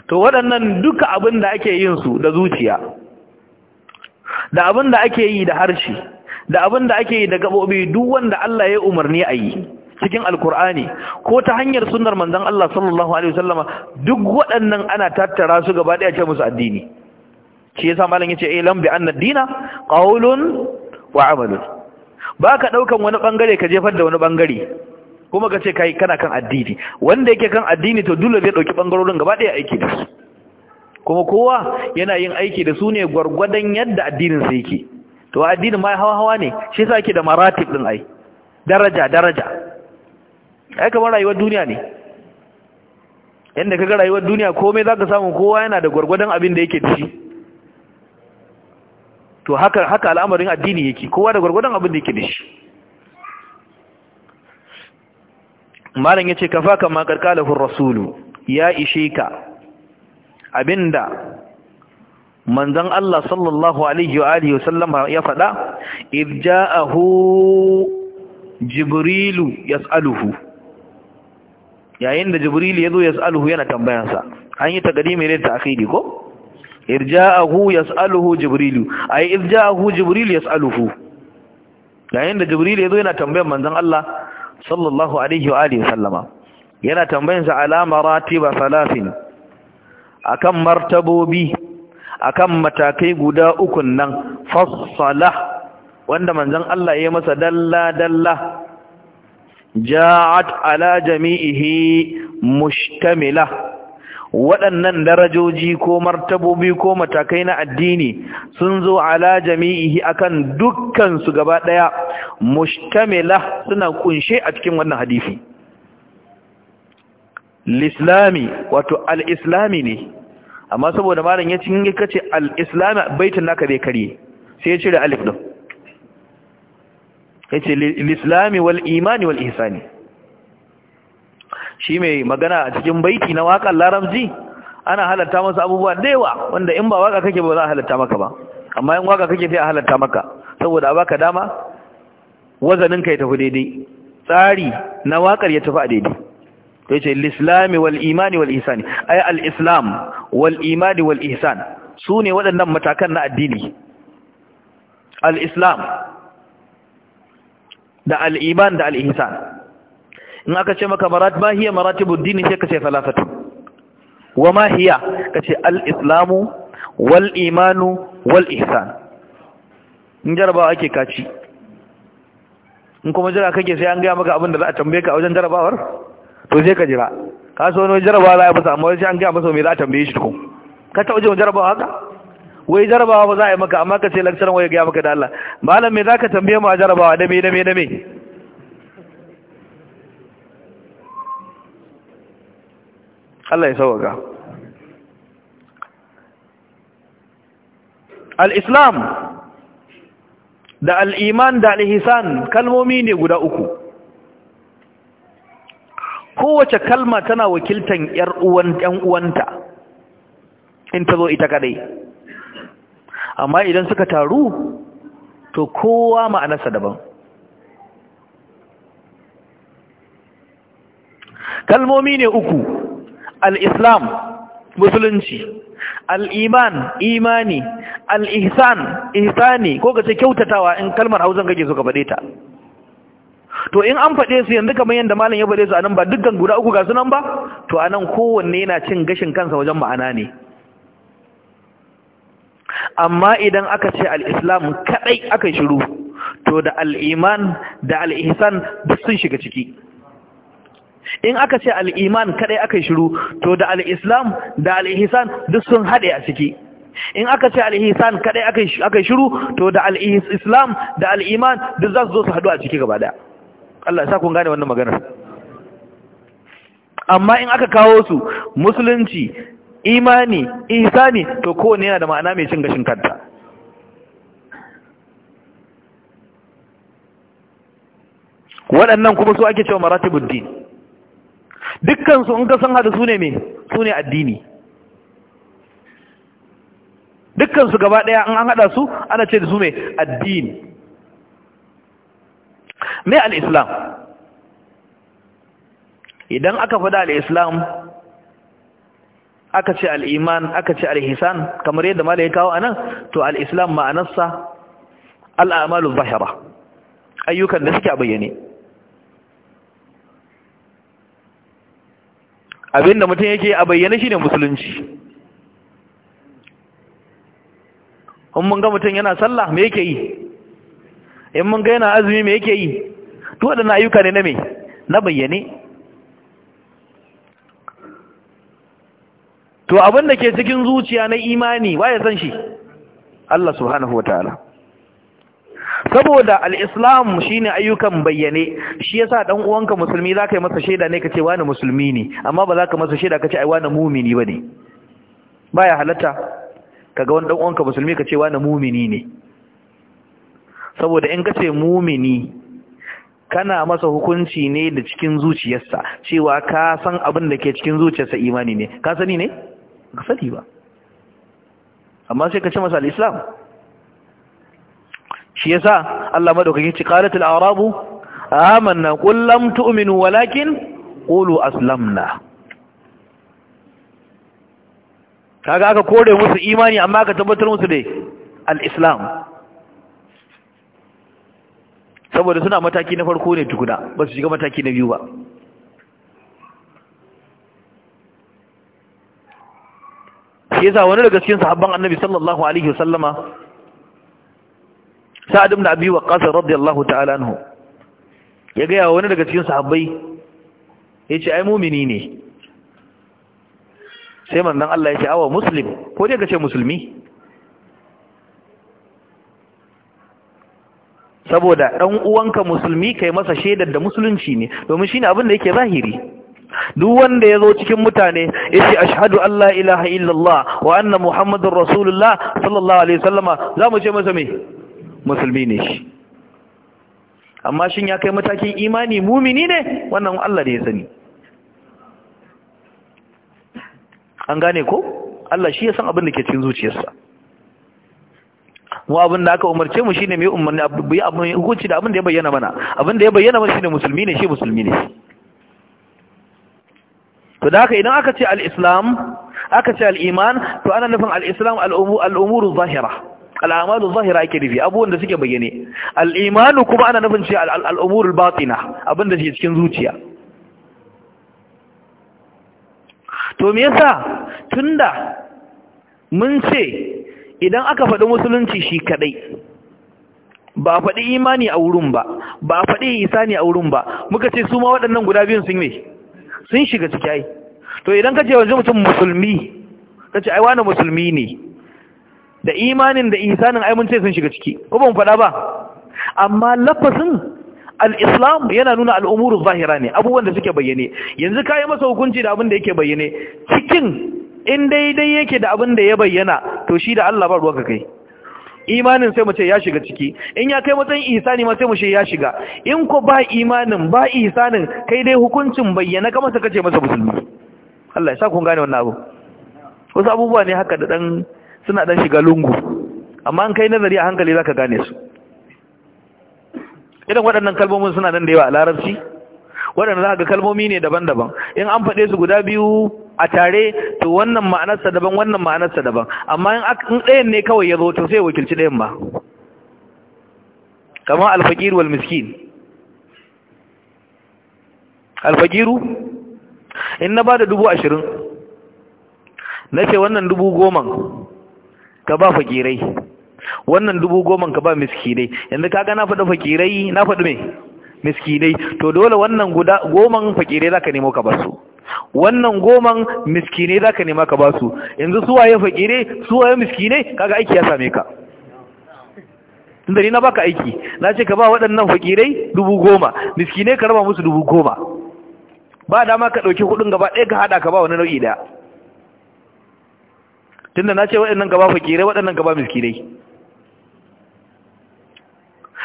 S1: to waɗannan duka abin da ake yin su da zuciya da abin da ake yi da harshe da abin da ake yi da gabobi duk wanda Allah ya umarni a yi cikin alkur'ani ko ta hanyar sunnar manzon Allah sallallahu alaihi wasallama duk waɗannan ana tattara su gaba ɗaya ce musu addini shi yasa malam yace eh lam bi anna dina qawlun wa amalun baka daukan wani bangare ka jefar da wani bangare kuma ka ce kai kana kan addini wanda yake kan addini to dole zai ɗauki bangarorin gaba ɗaya aiki da su kuma kowa yana yin aiki da su ne gwargwadon yadda addinin sa yake to addinin ma hawa hawa ne shi sa ke da maratib din ai daraja daraja ai kamar rayuwar duniya ne ka kaga rayuwar duniya komai zaka samu kowa yana da gwargwadon abin da yake da shi to haka haka al'amarin addini yake kowa da gwargwadon abin da yake da shi malam yace kafaka ma karkalahu rasulu ya ishe ka abinda Manzan Allah sallallahu alaihi wa alihi wasallam ya faɗa irja'ahu jibrilu yas'aluhu yayin da jibrilu yazo yas'aluhu yana tambayansa an yi takadimi ne ta akhiri ko irja'ahu yas'aluhu jibrilu ay irja'ahu jibrilu yas'aluhu yayin da jibrilu yazo yana tambayan Manzan Allah sallallahu alaihi wa alihi wasallama yana tambayansa alama ratiba salafin. akan martabobi akan matakai guda uku nan fassala wanda manzon Allah ya masa dalla dalla ja'at ala jami'ihi mushtamila waɗannan darajoji ko martabobi ko matakai na addini sun zo ala jami'ihi akan dukkan su gaba ɗaya mushtamila suna kunshe a cikin wannan hadisi l'islami wato al'islami ne amma saboda malam ya cin yi kace al'islami baitin naka bai karye sai ya cire alif ɗin ya ce l'islami wal imani wal ihsani shi mai magana a cikin baiti na waƙar laramji ana halatta masa abubuwa da wanda in ba waƙa kake ba za a halatta maka ba amma in waƙa kake sai a halatta maka saboda a baka dama wazaninka ya tafi daidai tsari na waƙar ya tafi a daidai to yace lislami islam wal iman wal ihsan ay al-islam wal iman wal ihsan waɗannan matakan na addini Al'islam da al'iman da al-ihsan in aka ce maka maratba hiya maratibud din sai ka ce Wa wama hiya kace al-islamu wal imanu in jarabawa ake kaci in kuma jira kake sai an gaya maka abin da za a tambaye ka a wajen jarabawar to sai ka jira ka so wani jarabawa za a yi masa amma wani an gaya masa mai za a tambaye shi tukun ka ta wajen jarabawa haka wai jarabawa ba za a yi maka amma ka ce lakcaran wai gaya maka da Allah malam me za ka tambaye mu a jarabawa na me na me na me Allah ya sauwaka al-islam da al-iman da al-ihsan kalmomi ne guda uku kowace kalma tana wakiltan ‘yar ‘yan uwanta in ta zo ita kadai amma idan suka taru to kowa ma'anarsa daban kalmomi ne uku al'islam musulunci al'iman imani al'ihsan ihsani ko ka ce kyautatawa in kalmar hausan kake so ka faɗe ta to in an faɗe su yanzu kamar yadda malam ya faɗe su nan ba dukkan guda uku ga sunan ba to a nan kowanne yana cin gashin kansa wajen ma'ana ne amma idan aka ce al'islam kaɗai kadai aka shiru to da al'iman da al'ihisan duk sun shiga ciki in aka ce al'iman kaɗai kadai aka shiru to da al'islam da al'ihisan duk sun haɗe a ciki in aka ce al'ihisan kaɗai kadai aka shiru to da al'islam da al'iman duk za su zo su haɗu a ciki gaba daya Allah ya sa kun gane wannan maganar amma in aka kawo su musulunci imani ihsani to kowanne yana da ma'ana mai cin gashin kanta waɗannan kuma su ake cewa maratibud din dukkan su in ka san hada su ne me su ne addini dukkan su gaba ɗaya in an hada su ana ce da su me addini mai al'islam idan aka fada al'islam aka ce al'iman aka ce alhisan kamar yadda ma da ya kawo a nan to al'islam ma'anarsa al'amalun zahira ayyukan da suke a bayyane abinda mutum yake a bayyane shi ne musulunci Kun mun ga mutum yana sallah me yake yi in mun ga yana azumi me yake yi to waɗannan ayyuka ne na me na bayyane to abin da ke cikin zuciya na imani waye san shi Allah subhanahu wataala saboda al-islam shine ayyukan bayyane shi yasa dan uwanka musulmi zaka yi masa shaida ne kace wani musulmi ne amma ba zaka masa shaida kace ai wani mumini bane baya halatta kaga wani dan uwanka musulmi kace wani mumini ne saboda in kace mumini kana masa hukunci ne da cikin zuciyarsa cewa ka san abin da ke cikin zuciyarsa imani ne ka sani ne ka sani ba amma sai ka ce masa al-islam shi yasa Allah madaukakin ci qalatul arabu amanna qul lam tu'minu walakin qulu aslamna kaga aka kore musu imani amma ka tabbatar musu dai al-islam saboda suna mataki na farko ne tukuna ba su shiga mataki na biyu ba shi yasa wani daga cikin sahabban annabi sallallahu alaihi wasallama sa'ad ibn abi waqqas radiyallahu ta'ala anhu ya ga wani daga cikin sahabbai yace ai mu'mini ne sai manzon Allah yace awa muslim ko dai ce musulmi saboda ɗan uwanka musulmi kai masa shaidar da musulunci ne domin shine abin da yake zahiri duk wanda ya zo cikin mutane ya ce ashhadu an la ilaha illallah wa anna muhammadun rasulullah sallallahu alaihi wasallama za mu ce masa me
S2: musulmi ne shi
S1: amma shin ya kai matakin imani mumini ne wannan Allah da ya sani an gane ko Allah shi ya san abin da ke cikin zuciyarsa mu abin da aka umarce mu shine mai umarni abu. abin hukunci da abin da ya bayyana mana abin da ya bayyana mana shine musulmi ne shi musulmi ne to da haka idan aka ce al-islam aka ce al-iman to ana nufin al-islam al-umuru zahira al-amalu zahira ake nufi abubuwan da suke bayyane al-imanu kuma ana nufin ce al-umuru batina abin da ke cikin zuciya to me yasa tunda mun ce idan aka faɗi musulunci shi kaɗai ba a faɗi imani a wurin ba ba a faɗi ne a wurin ba muka ce su ma waɗannan guda biyun sun yi sun shiga ciki ai to idan ka ce wanzu mutum musulmi ka ce ai wani musulmi ne da imanin da isanin ai mun ce sun shiga ciki ko ban faɗa ba amma lafasin al-islam yana nuna al'umuru zahira ne abubuwan da suke bayyane yanzu ka yi masa hukunci da abin da yake bayyane cikin in daidai yake da abin da ya bayyana to shi da Allah ba ruwanka kai imanin sai mu ce ya shiga ciki in ya kai matsayin ihsani ma sai mu ce ya shiga in ko ba imanin ba ihsanin kai dai hukuncin bayyana kamar ta kace masa musulmi Allah ya sa kun gane wannan abu wasu abubuwa ne haka da dan suna dan shiga lungu amma an kai nazari a hankali zaka gane su idan waɗannan kalmomin suna nan da yawa a larabci waɗanda za ga kalmomi ne daban-daban in an faɗe su guda biyu a tare to wannan ma'anarsa daban wannan ma'anarsa daban amma in ɗayan ne kawai ya zo to sai wakilci ɗayan ba kama alfagiru wal miskin alfagiru in na ba da dubu ashirin na ce wannan dubu goma ka ba fakirai wannan dubu goma ka ba miskinai yanzu kaga na faɗi fakirai na faɗi mai miskinai to dole wannan guda goman fakirai za ka nemo ka basu wannan goman miskine za ka nema ka ba su yanzu suwaye fakire ya miskine kaga aiki ya same ka tunda ni na baka aiki na ce ka ba waɗannan fakirai dubu goma miskine ka raba musu dubu goma ba dama ka ɗauki kuɗin gaba ɗaya ka haɗa ka ba wani nau'i ɗaya tunda na ce waɗannan gaba fakirai waɗannan gaba miskinai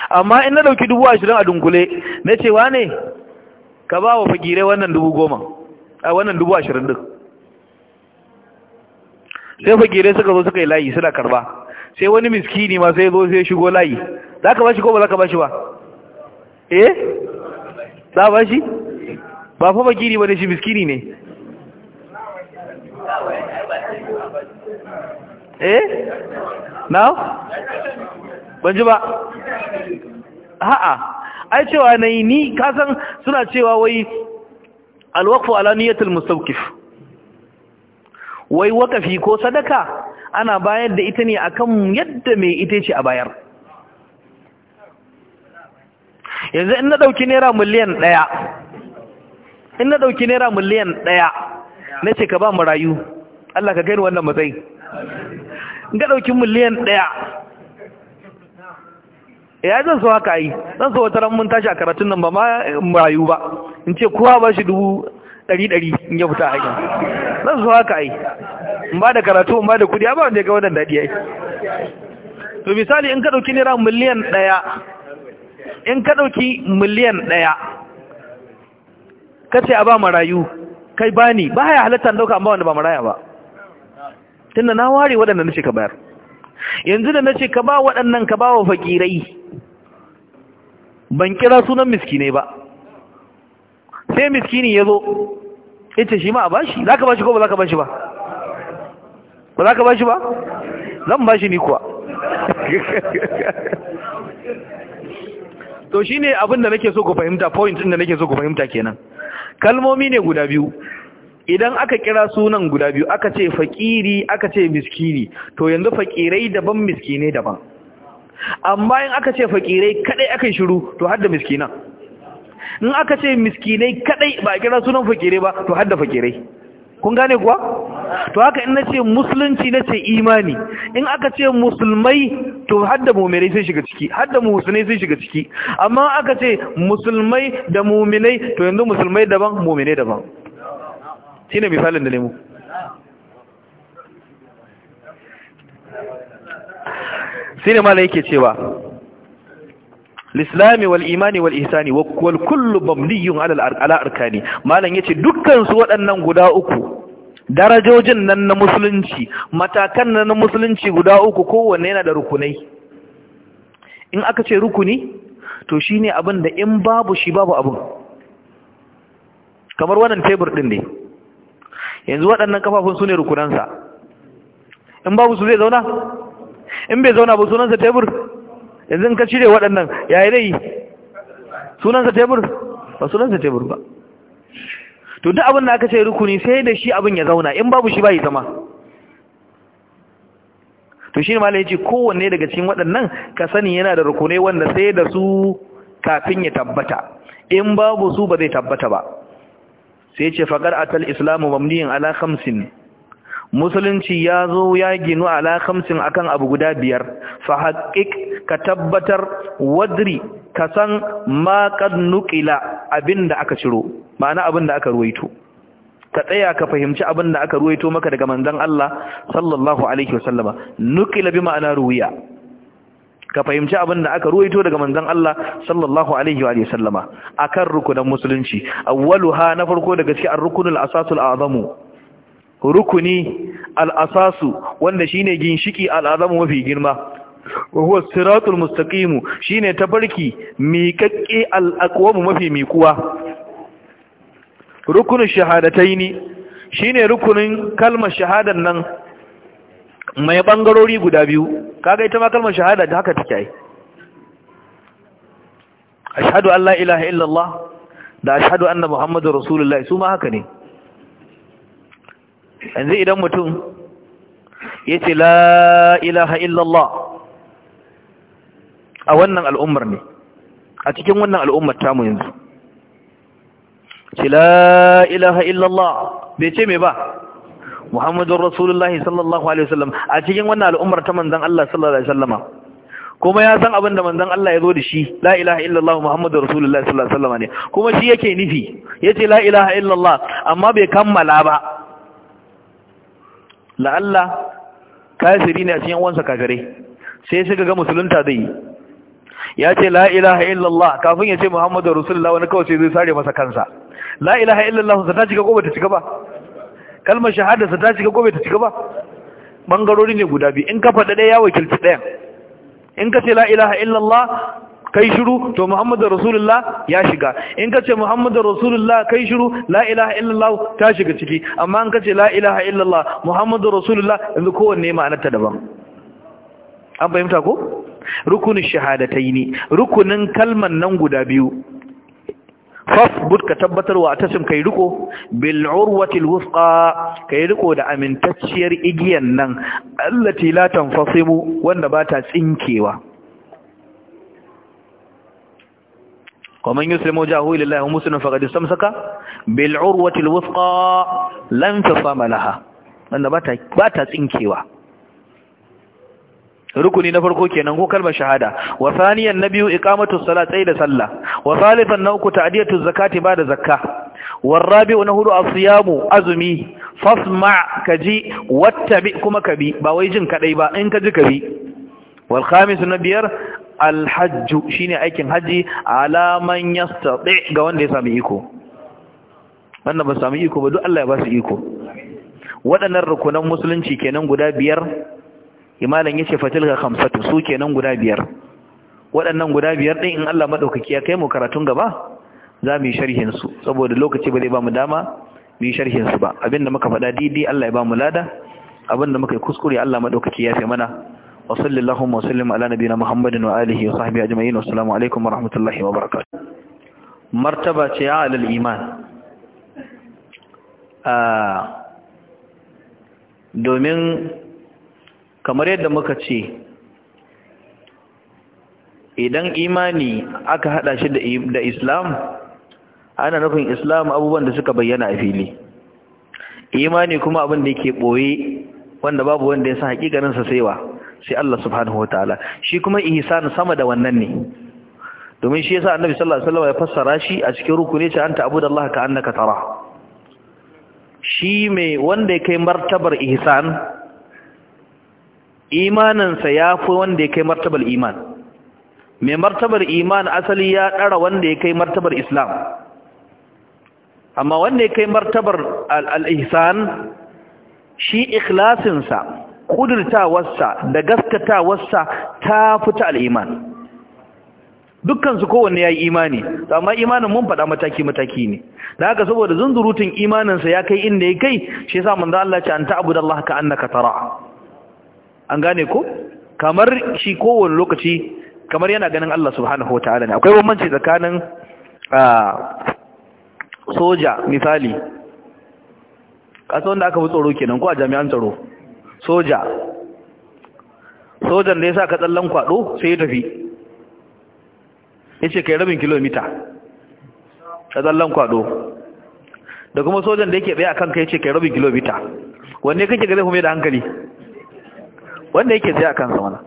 S1: amma in na ɗauki dubu ashirin a dunkule na ce wa ne ka ba wa fakirai wannan dubu goma a wannan dubu ashirin din sai fakirai suka zo suka yi layi suna karba sai wani miskini ma sai zo sai shigo layi za ka bashi ko ba za ka bashi ba eh za ba shi ba fa fakiri ba ne shi miskini ne eh now ban ji ba ha'a ai cewa na yi ni kasan suna cewa wai alwaqfu ala niyyatil mustawqif wai wakafi ko sadaka ana bayar da ita ne akan yadda mai ita ce a bayar yanzu in na dauki naira miliyan 1 in na dauki naira miliyan 1 nace ka ba mu rayu Allah ka gani wannan matsayi in ga dauki miliyan 1 ya zan so haka yi zan so wata ran mun tashi a karatun nan ba ma rayu ba in ce kowa ba shi dubu ɗari ɗari in ya fita hanyar zan so haka yi in ba da karatu in ba da kudi ba wanda ya ga wadanda daɗi yi to misali in ka ɗauki naira miliyan ɗaya in ka ɗauki miliyan ɗaya ka ce a ba marayu kai bani ba ya halatta ɗauka ba wanda ba maraya ba tunda na ware waɗanda na ce ka bayar yanzu da na ce ka ba waɗannan ka ba wa fakirai ban kira sunan miskinai ba sai miskini ya zo ita shi ma a bashi za ka bashi ko ba za ka bashi ba ba za ka bashi ba zan bashi ni kuwa to shi ne abin da nake so ku fahimta point ɗin da nake so ku fahimta kenan kalmomi ne guda biyu idan aka kira sunan guda biyu aka ce fakiri aka ce miskini to yanzu fakirai daban miskinai daban amma in aka ce fakirai kadai aka yi shiru to hadda miskinan in aka ce miskinai kadai ba a kira sunan fakirai ba to hadda fakirai kun gane kuwa to haka in na ce musulunci na ce imani in aka ce musulmai to hadda mu'minai sai shiga ciki hadda musulmai sai shiga ciki amma aka ce musulmai da mu'minai to yanzu musulmai daban mu'minai daban ne misalin da ne mu sai ne malam yake cewa lislami wal imani wal ihsani wal kullu bamliyun ala ala arkani malam yace dukkan su waɗannan guda uku darajojin nan na musulunci matakan nan na musulunci guda uku kowanne yana da rukunai in aka ce rukuni to shine abin da in babu shi babu abin kamar wannan tebur din ne yanzu waɗannan kafafun su ne rukunansa in babu su zai zauna in bai zauna ba sunansa tebur yanzu ka cire waɗannan yayi dai sunansa tebur ba sunansa tebur ba to duk abin da aka ce rukuni sai da shi abin ya zauna in babu shi bai zama to shi ma yace kowanne daga cikin waɗannan ka sani yana da rukunai wanda sai da su kafin ya tabbata in babu su ba zai tabbata ba sai ce faqar atal islamu mamniyan ala khamsin musulunci ya zo ya ginu ala khamsin akan abu guda biyar fa haqiq ka tabbatar wadri ka san ma nukila nuqila abinda aka ciro ma'ana abinda aka ruwaito ka tsaya ka fahimci abin da aka ruwaito maka daga manzon Allah sallallahu alaihi wasallama nukila bi ma'ana ruwiya ka fahimci abin da aka ruwaito daga manzon Allah sallallahu alaihi wa sallama akan rukunan musulunci awwaluha na farko daga cikin ar-rukunul asasul azamu rukuni al'asasu wanda shine ginshiki al'azamu mafi girma wahuwa siratul mustaqimu ta barki miƙaƙƙe al'aqwamu mafi miƙuwa rukunin shahadataini ne rukunin kalmar shahadar nan mai ɓangarori guda biyu kaga ita ma kalmar shahada da haka take ashadu allah ilaha illallah da ashadu anna muhammadu rasulullah su ma haka ne yanzu idan mutum ya ce la ilaha illallah a wannan al'ummar ne a cikin wannan al'ummar tamu yanzu ce la ilaha illallah bai ce mai ba muhammadun rasulullahi sallallahu alaihi wasallam a cikin wannan al'ummar ta manzan Allah sallallahu alaihi wasallama kuma ya san abin da manzan Allah ya zo da shi la ilaha illallah muhammadur rasulullahi sallallahu alaihi wasallama ne kuma shi yake nufi yace la ilaha illallah amma bai kammala ba la'alla kafiri ne a cikin wansa kafirai sai suka ga musulunta zai yi ya ce la ilaha illallah kafin ya ce muhammadu rasulullah wani kawai sai zai sare masa kansa la ilaha illallah sun ta cika ko bata cika ba kalmar shahada sun ta cika ko bata cika ba bangarori ne guda biyu in ka faɗa ɗaya ya wakilci ɗayan in ka ce la ilaha illallah kai shiru to muhammadu rasulullah ya shiga in ka ce muhammadu rasulullah kai shiru la ilaha illallah ta shiga ciki amma in ka ce la ilaha illallah muhammadu rasulullah yanzu kowanne ma'anarta daban an fahimta ko rukunin shahadatai ne? rukunin kalman nan guda biyu fasbut ka tabbatar wa tasim kai riko bil urwatil wusqa kai riko da amintacciyar igiyan nan allati la tanfasimu wanda bata tsinkewa ومن يسلم وجهه الى الله مسلم فقد استمسك بالعروه الوثقى لا انفصام لها wanda ba ta tsinkewa rukuni na farko kenan ko kalmar shahada wa na biyu iqamatu salat da sallah wa salifan na uku ta'diyatu zakati ba da zakka wa rabi'u na hudu asiyamu azumi fasma kaji wattabi kuma kabi ba wai jin kadai ba in kaji kabi wal khamis na biyar alhajju shine aikin haji alaman yastati ga wanda ya sami iko wanda ba sami iko ba duk Allah ya ba su iko waɗannan rukunan musulunci kenan guda biyar imalan yace fatilka khamsatu su kenan guda biyar waɗannan guda biyar ɗin in Allah madaukaki ya kai mu karatun gaba za mu yi sharhin saboda lokaci ba zai ba mu dama mu yi sharhin ba abinda muka faɗa didi Allah ya ba mu lada abinda muka yi kuskure Allah madaukaki ya fi mana wa sallallahu wa sallim ala nabiyina muhammadin wa alihi wa sahbihi ajma'in assalamu alaikum wa rahmatullahi wa barakatuh martaba ce ya alal iman ah, domin kamar yadda muka ce idan imani aka hada shi da islam ana nufin islam abubuwan da suka bayyana a fili imani kuma abin da yake boye wanda babu wanda ya san hakikaninsa saiwa sai Allah subhanahu ta'ala. shi kuma ihsan sama da wannan ne domin shi yasa annabi sallallahu alaihi wasallam ya fassara shi a cikin rukuni ce anta abudallahi ka annaka tara shi mai wanda ya martabar ihsan imaninsa ya fi wanda ya kai martabar iman mai martabar iman asali ya ɗara wanda ya kai martabar islam amma wanda ya kai martabar ihsan shi ikhlasinsa ƙudurtawarsa da gaskatawarsa ta fita al'iman dukkansu kowanne ya yi imani amma imanin mun faɗa mataki-mataki ne da haka saboda zunzurutun imaninsa ya kai inda ya kai shi ya yasa manzo Allah ce an da Allah ka annaka tara an gane ko kamar shi kowane lokaci kamar yana ganin Allah subhanahu ta’ala ne akwai bambanci tsakanin soja misali ƙasa wanda aka fi tsoro kenan ko a jami'an tsaro soja sojan ya sa ka tsallan kwado sai ya tafi ya ce kai rabin kilomita ka tsallan kwado da kuma sojan da yake tsaye a kanka ya ce kai rabin kilomita wanne kake gare kuma hume da hankali wanda yake zai a kansa mana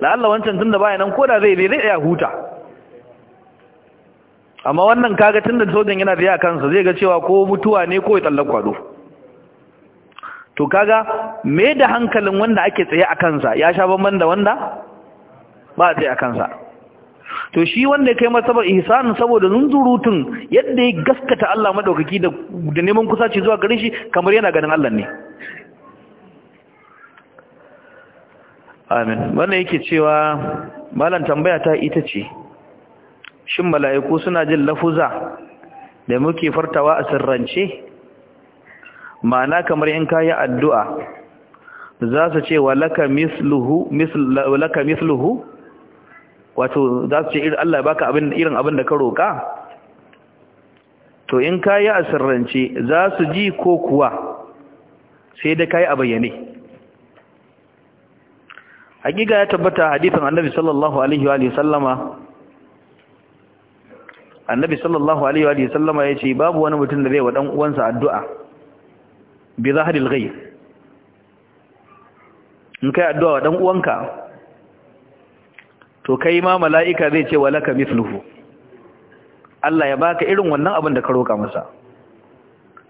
S1: la'alla wancan tun da baya nan koda zai zai tsaya huta amma wannan kaga tun da sojan yana zai a kansa zai ga cewa ko mutuwa ne ko ya tsallan kwado to kaga me da hankalin wanda ake tsaye a kansa ya sha bamban da wanda ba tsaye a kansa to shi wanda ya kai masabar ihsan saboda zunzurutun yadda ya gaskata Allah madaukaki da neman kusa ce zuwa gare shi kamar yana ganin Allah ne amin wannan yake cewa malam tambaya ta ita ce shin mala'iku suna jin lafuza da muke fartawa a sirrance ma'ana kamar in ka yi addu'a za su ce wa laka misluhu wato za su ce Allah baka irin abin da ka roƙa to in ka yi a sirrance za su ji ko kuwa sai da ka yi a bayyane hakika ya tabbata hadithin annabi sallallahu alaihi wa sallama annabi sallallahu alaihi wa sallama ya ce babu wani mutum da zai wa ɗan uwansa addu'a bi zaharil ghaib in kai addu'a wa dan uwanka to kai ma mala'ika zai ce walaka mithluhu Allah ya baka irin wannan abin da ka roka masa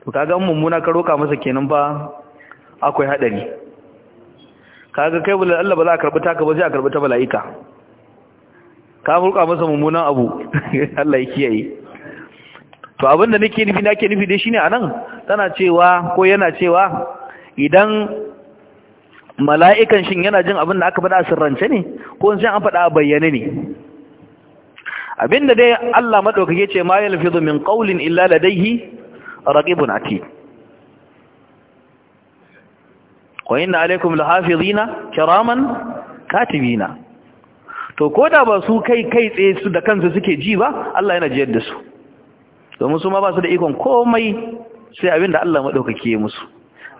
S1: to kaga mummuna ka roka masa kenan ba akwai hadari kaga kai wala Allah ba za a karbi taka ba sai a karbi ta mala'ika ka roka masa mummunan abu [LAUGHS] Allah ya kiyaye to abin da nake nufi nake nufi dai shine anan tana cewa ko yana cewa idan mala'ikan shin yana jin abin da aka faɗa a sirrance ne ko in an faɗa a bayyane ne abinda dai Allah madaukake ce ma yalfizu min qawlin illa ladayhi raqibun atid wa inna alaykum lahafizina kiraman katibina to koda ba su kai kai tsaye su da kansu suke ji ba Allah yana jiyar da su domin su ma ba su da ikon komai sai abinda Allah maɗaukake ya musu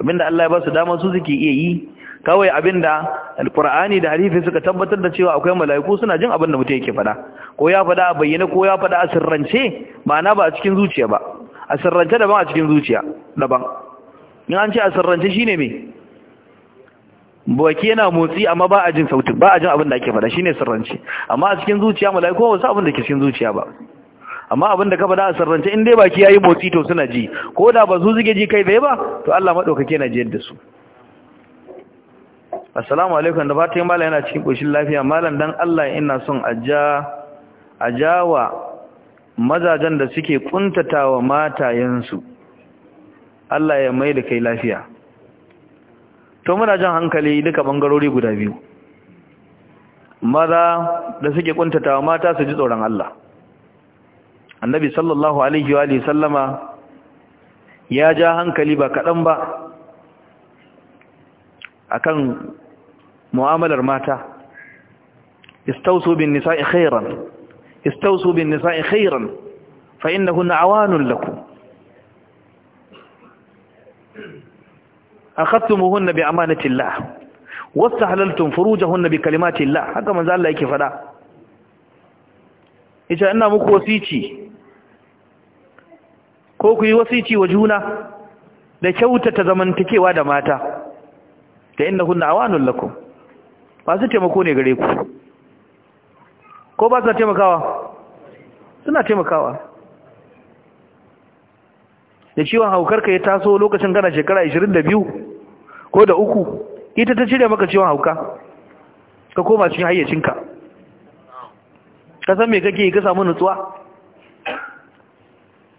S1: abinda Allah ya ba su damar su suke iya yi kawai abinda alkur'ani da hadisi suka tabbatar da cewa akwai mala'iku suna jin abin da mutum yake faɗa ko ya faɗa a bayyana ko ya faɗa a sirrance ma'ana ba a cikin zuciya ba a sirrance daban a cikin zuciya daban in an ce a sirrance shine me baki yana motsi amma ba a jin sautin ba a jin abin da ake faɗa shine sirrance amma a cikin zuciya mala'iku ba su abin da ke cikin zuciya ba amma abin da ka a sarrance in dai baki yayi motsi to suna ji ko da ba su suke ji kai tsaye ba to Allah madaukake na jiyar da su assalamu alaikum da fatan mallan yana cikin koshin lafiya malam dan Allah ina son ajja ajawa mazajen da suke kuntatawa matayensu Allah ya mai da kai lafiya to muna jan hankali duka bangarori guda biyu maza da suke kuntatawa mata su ji tsoron Allah annabi sallallahu alaihi wa sallama ya ja hankali ba kaɗan ba akan mu'amalar mata istausu bin nisa'i khairan istausu bin nisa'i khairan fa innahunna awanun lakum akhadtumuhunna bi amanati Allah واستحللتم فروجهن بكلمات الله haka manzo Allah yake fada ita ina muku wasici ko ku yi wasici wa juna da kyautata zamantakewa da mata da inda innahunna awanul lakum masu taimako ne gare ku ko ba su taimakawa suna taimakawa da ciwon haukar ka ya taso lokacin gana shekara 22 ko da uku ita ta cire maka ciwon hauka ka koma cikin hayyacinka ka san me kake ka samu nutsuwa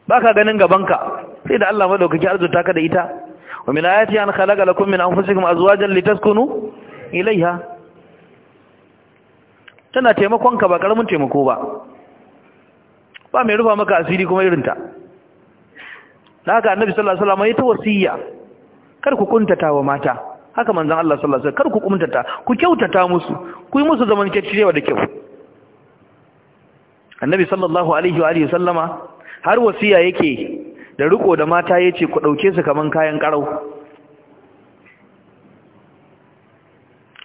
S1: baka ganin gabanka sai da Allah madaukaki arzuta ka da ita wa min ayati an khalaqa lakum min anfusikum azwajan litaskunu ilaiha tana taimakon ka ba karamin taimako ba ba mai rufa maka asiri kuma irinta haka annabi sallallahu alaihi wasallam ya ta wasiya kar ku kuntata wa mata haka manzon Allah sallallahu alaihi wasallam kar ku kuntata ku kyautata musu ku yi musu zaman kyakkyawa da kyau annabi sallallahu alaihi wa alihi wasallama har wasiya yake da riko da mata yace ku dauke su kaman kayan karau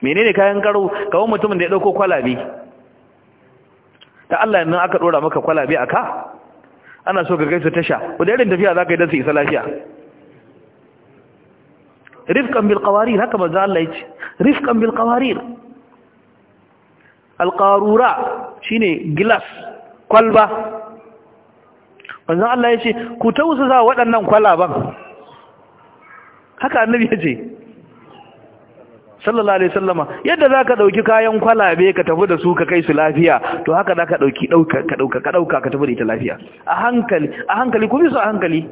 S1: menene kayan karau kawo mutumin da ya dauko kwalabi ta Allah nan aka dora maka kwalabi aka ana so ka kai su tasha wanda irin tafiya zaka yi dan su isa lafiya rifqan bil qawarir haka manzo Allah yace rifqan bil qawarir al qarura shine glass kwalba manzon Allah ya ce ku tausasa waɗannan kwalaban haka annabi ya ce sallallahu alaihi sallama yadda za ka ɗauki kayan kwalabe ka tafi da su ka kai su lafiya to haka za ka ɗauki ka ɗauka ka ka tafi da ita lafiya a hankali a hankali ku su a hankali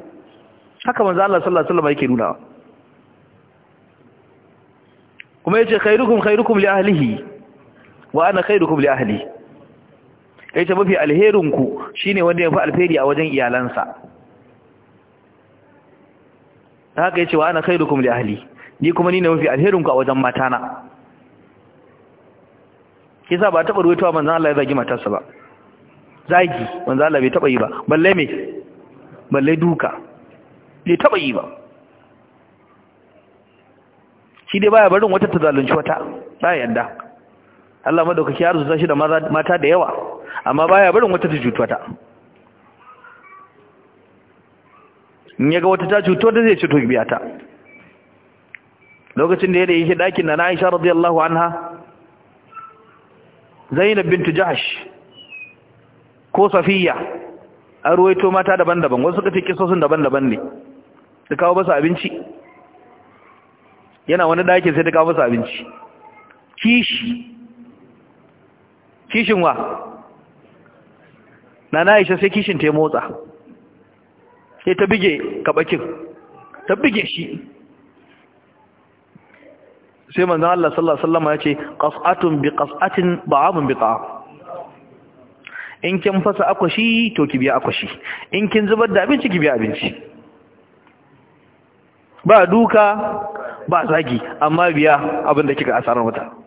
S1: haka manzan Allah sallallahu alaihi sallama yake nuna kuma yace khairukum khairukum li ahlihi wa ana khairukum li ya ce mafi alherinku shi ne wanda ya fi alferi a wajen iyalansa ta haka ya ce wa ana khairukum da ahli ni kuma ni ne mafi alherinku a wajen matana kisa ba taɓa ruwaitowa manzan Allah ya zagi matarsa ba zagi manzan Allah bai taɓa yi ba balle me balle duka bai taɓa yi ba shi dai baya barin wata ta zalunci wata ba yadda Allah madaukaki ya arzuta shi da mata da yawa amma baya barin wata ta cutuwa ta in ya ga wata ta cutuwa, ta zai ce to biya ta lokacin da ya yi dakin na Aisha radiyallahu anha Zainab bintu Jahsh ko Safiya an ruwaito mata daban-daban wasu suka tike sosun daban-daban ne su kawo basu abinci yana wani dakin sai ta kawo basu abinci
S2: kishi
S1: kishin wa na na isa sai kishin ta motsa sai ta bige kabakin ta bige shi sai manzan Allah sallallahu Alaihi wasallama ya ce ƙas'atun bi ƙas'atin ba'amun bi ƙa'am in kin fasa akwashi to ki biya akwashi in kin zubar da abinci ki biya abinci ba duka ba zagi amma biya abin da kika asarar wata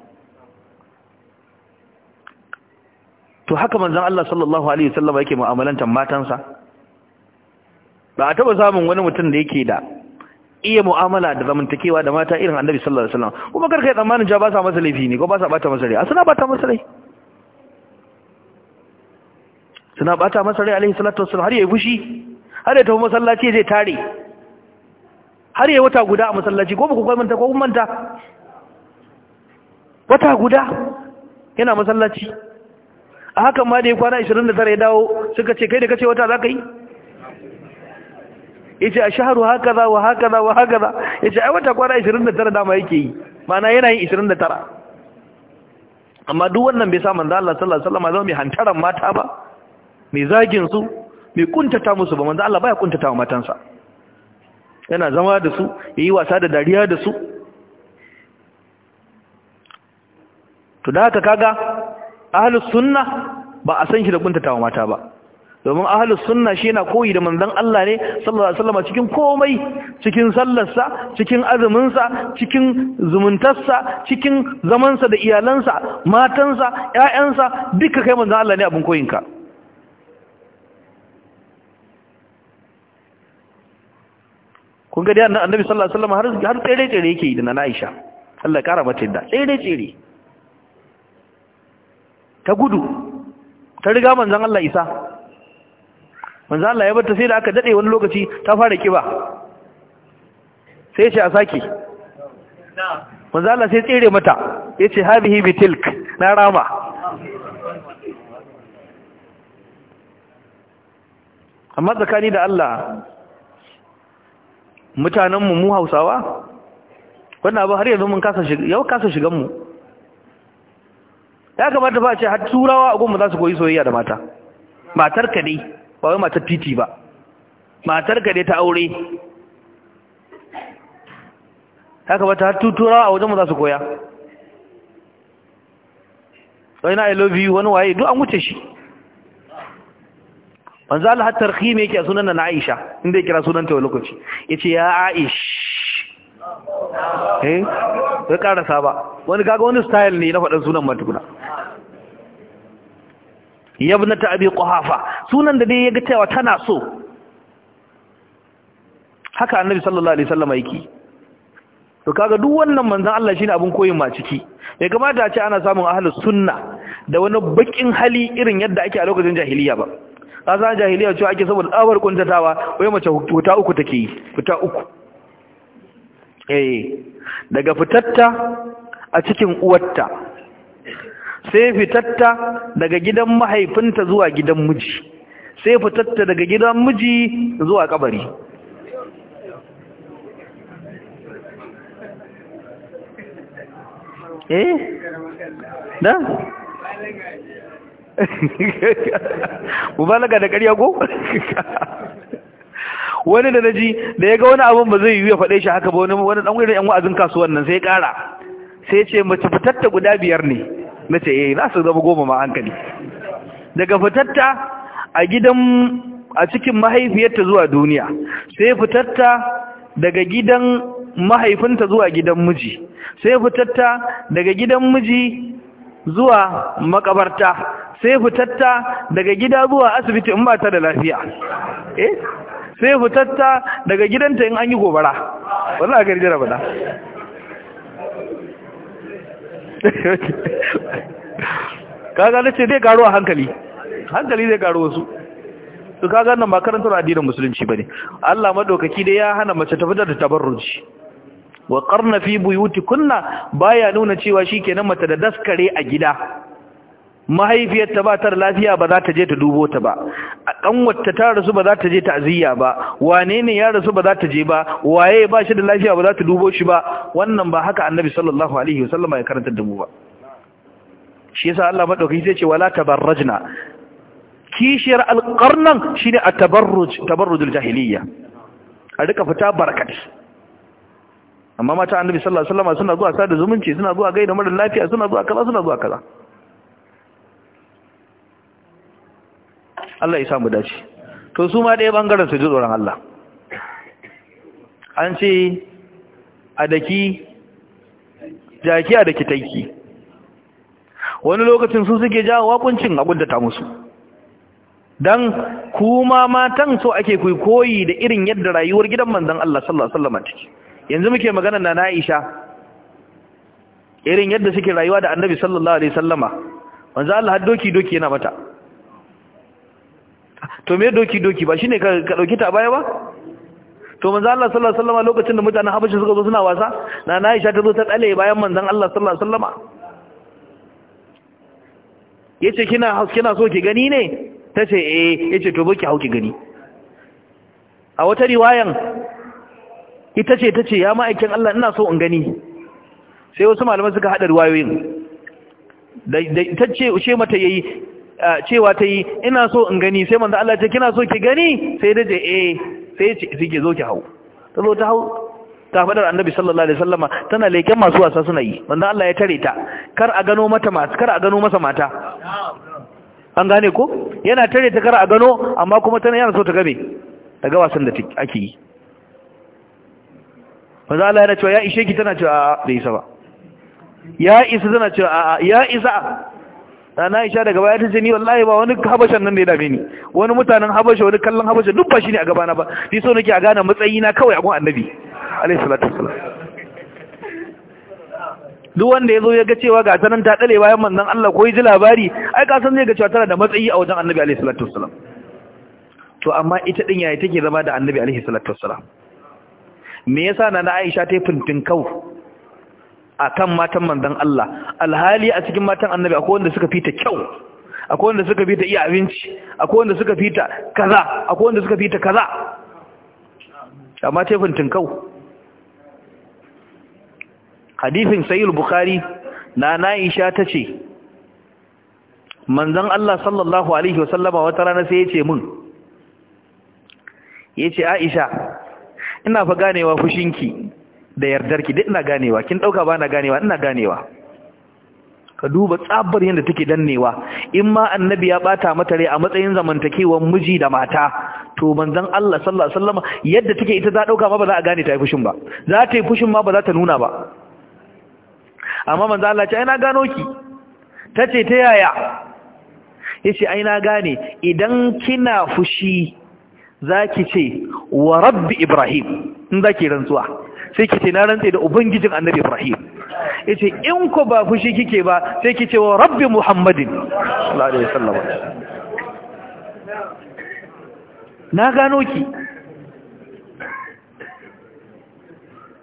S1: to haka manzan Allah sallallahu alaihi wasallam yake mu'amalantar matansa ba a taba samun wani mutum da yake da iya mu'amala da zamantakewa da mata irin annabi sallallahu alaihi wasallam kuma karkai tsammanin ja ba sa masa laifi ne ko ba sa bata masa rai asana bata masa rai suna bata masa rai alaihi salatu wasallam har yi fushi har ya tafi masallaci zai tare har ya yi wata guda a masallaci ko ku kwanta ko kun manta wata guda yana masallaci a hakan ma da ya kwana 29 ya dawo suka ce kai da kace wata za ka yi ya ce a shaharu haka za wa haka za wa haka za ya ce ai wata kwana 29 dama yake yi mana yana yin 29 amma duk wannan bai sa manzo Allah sallallahu alaihi wasallam zama mai hantaran mata ba mai zagin su mai kuntata musu ba manzo Allah baya kuntata wa matansa yana zama da su yayi wasa da dariya da su to da haka kaga ahlus sunna ba a san shi da kuntatawa mata ba domin ahlus sunna shi yana koyi da manzon Allah ne sallallahu alaihi wasallam cikin komai cikin sallarsa cikin azuminsa cikin zumuntarsa cikin zamansa da iyalansa matansa ƴaƴansa duka kai manzon Allah ne abin koyinka kun ga dai annabi sallallahu alaihi wasallam har har tsere tsere yake yi da na Aisha Allah ya kara mata yadda tsere tsere ta gudu ta riga manzan Allah isa manzan Allah ya bata sai da aka dade wani lokaci ta fara kiba sai ya ce a saki manzan Allah sai tsere mata ya ce habihi bitilk na rama amma tsakani da Allah mutanenmu mu hausawa wannan abu har yanzu mun kasa yau kasa shiganmu ya kamata ba ce har turawa a goma za su koyi soyayya da mata matar ka dai ba wai matar titi ba matar ka dai ta aure ya kamata har turawa a mu za su koya wani na i love you wani waye duk an wuce shi wanzu Allah har tarhi yake a sunan na Aisha inda ya kira sunanta wani lokaci Ya ce ya Aish eh ya karasa ba wani gaga wani style ne na faɗin sunan matukuna ta abi kuhafa sunan da dai ya ga cewa tana so haka annabi sallallahu alaihi wasallam yake to kaga duk wannan manzon Allah shine abun koyin ma ciki ya kamata a ce ana samun ahlus sunna da wani bakin hali irin yadda ake a lokacin jahiliya ba kaza jahiliya cewa ake saboda tsawar kuntatawa wai mace huta uku take yi huta uku eh daga fitatta a cikin uwarta sai fitatta daga gidan mahaifinta zuwa gidan miji sai fitatta daga gidan miji zuwa kabari
S2: eh da
S1: [LAUGHS] mubalaga da ƙarya ko [LAUGHS] wani da naji da ya ga wani abin ba zai yi ya faɗe shi haka ba wani wani ɗan wurin 'yan wa'azin kasuwan nan sai ya ƙara sai ce mace fitatta guda biyar ne na ce eh za su zama goma ma hankali daga fitatta a gidan a cikin mahaifiyarta zuwa duniya sai fitatta daga gidan mahaifinta zuwa gidan miji sai fitatta daga gidan miji zuwa makabarta sai fitatta daga gida zuwa asibiti in ba ta da lafiya
S2: eh sai fitatta daga gidanta in an yi gobara wallahi garjira bada
S1: kaga na ce zai karo a hankali hankali zai karo wasu su kaga nan makarantar addinin musulunci ba ne. Allah madaukaki dai ya hana mace ta fitar da tabarruci wa qarna fi kunna, baya nuna cewa shi kenan mace da daskare a gida mahaifiyarta ba ta da lafiya ba za ta je ta dubo ta ba a kanwarta ta rasu ba za ta je ta'aziyya ba wane ne ya rasu ba za ta je ba waye ba shi da lafiya ba za ta dubo shi ba wannan ba haka annabi sallallahu alaihi wasallama ya karanta da mu ba shi yasa Allah madaukaki sai ce wala tabarrajna kishiyar alqarnan shine at-tabarruj tabarrujul a rika fita barkat amma mata annabi sallallahu alaihi wasallama suna zuwa sada zumunci suna zuwa gaida mara lafiya suna zuwa kaza suna zuwa kaza Allah ya samu dace to su ma ɗaya ɓangaren su ji tsoron Allah an ce a daki jaki a daki taiki wani lokacin su suke jawo wakuncin a gudata musu don kuma matan so ake kuyi koyi da irin yadda rayuwar gidan manzan Allah sallallahu Alaihi wasallam ciki yanzu muke magana na na'isha irin yadda suke rayuwa da annabi sallallahu Alaihi wasallama wanzu Allah haddoki doki yana mata to me doki doki ba shine ka dauki ta baya ba to manzo Allah sallallahu alaihi wasallam lokacin da mutanen Habashi suka zo suna wasa na Aisha ta zo ta tsale bayan manzon Allah sallallahu alaihi wasallama yace kina kina so ki gani ne tace eh yace to baki hauki gani a wata riwayan ita ce tace ya ma'aikin Allah ina so in gani sai wasu malaman suka hada riwayoyin da tace ushe mata yayi cewa ta yi ina so in gani sai manzo Allah ce kina so ki gani sai da eh sai ce ki zo ki hau ta zo ta hau ta fadar annabi sallallahu alaihi wasallama tana leken masu wasa suna yi manzo Allah ya tare ta kar a gano mata mata kar a gano masa mata an gane ko yana tare ta kar a gano amma kuma tana yana so ta gabe ta ga wasan da ake yi manzo Allah ya ce ya ishe ki tana cewa bai isa ba ya isa tana cewa aa ya isa rana aisha daga baya ta ce ni wallahi ba wani habashan nan da ya dame ni wani mutanen habasha wani kallon habasha duk ba shi ne a gabana ba ni so nake a gane matsayina kawai a annabi alaihi salatu wassalam duk wanda yazo ya ga cewa ga ta nan ta dale bayan manzon Allah ko ji labari ai ka san zai ga cewa tana da matsayi a wajen annabi alaihi salatu wassalam to amma ita din yayi take zama da annabi alaihi salatu wassalam me yasa na Aisha ta yi fintinkau akan matan manzon Allah alhali a cikin matan annabi akwai wanda suka fita kyau akwai wanda suka fita iya abinci akwai wanda suka fita kaza akwai wanda suka fita kaza amma tefin tinkau hadisin sayyid bukhari na na'isha tace manzon Allah sallallahu alaihi wasallama wata rana sai yace min yace Aisha ina fa ganewa fushinki da yardarki duk ina ganewa kin dauka ba na ganewa ina ganewa ka duba tsabar yadda take dannewa in ma annabi ya bata mata rai a matsayin zamantakewar miji da mata to manzon Allah sallallahu alaihi wasallam yadda take ita za dauka ma ba za a gane ta yi fushin ba za ta yi fushin ma ba za ta nuna ba amma manzon Allah ce ai na gano ki tace ta yaya yace ai na gane idan kina fushi zaki ce wa rabbi ibrahim in zaki rantsuwa sai ki ce na rantse da ubangijin annabi ibrahim yace ce in ko ba fushi kike ba sai ki ce wa rabbi muhammadin na gano ki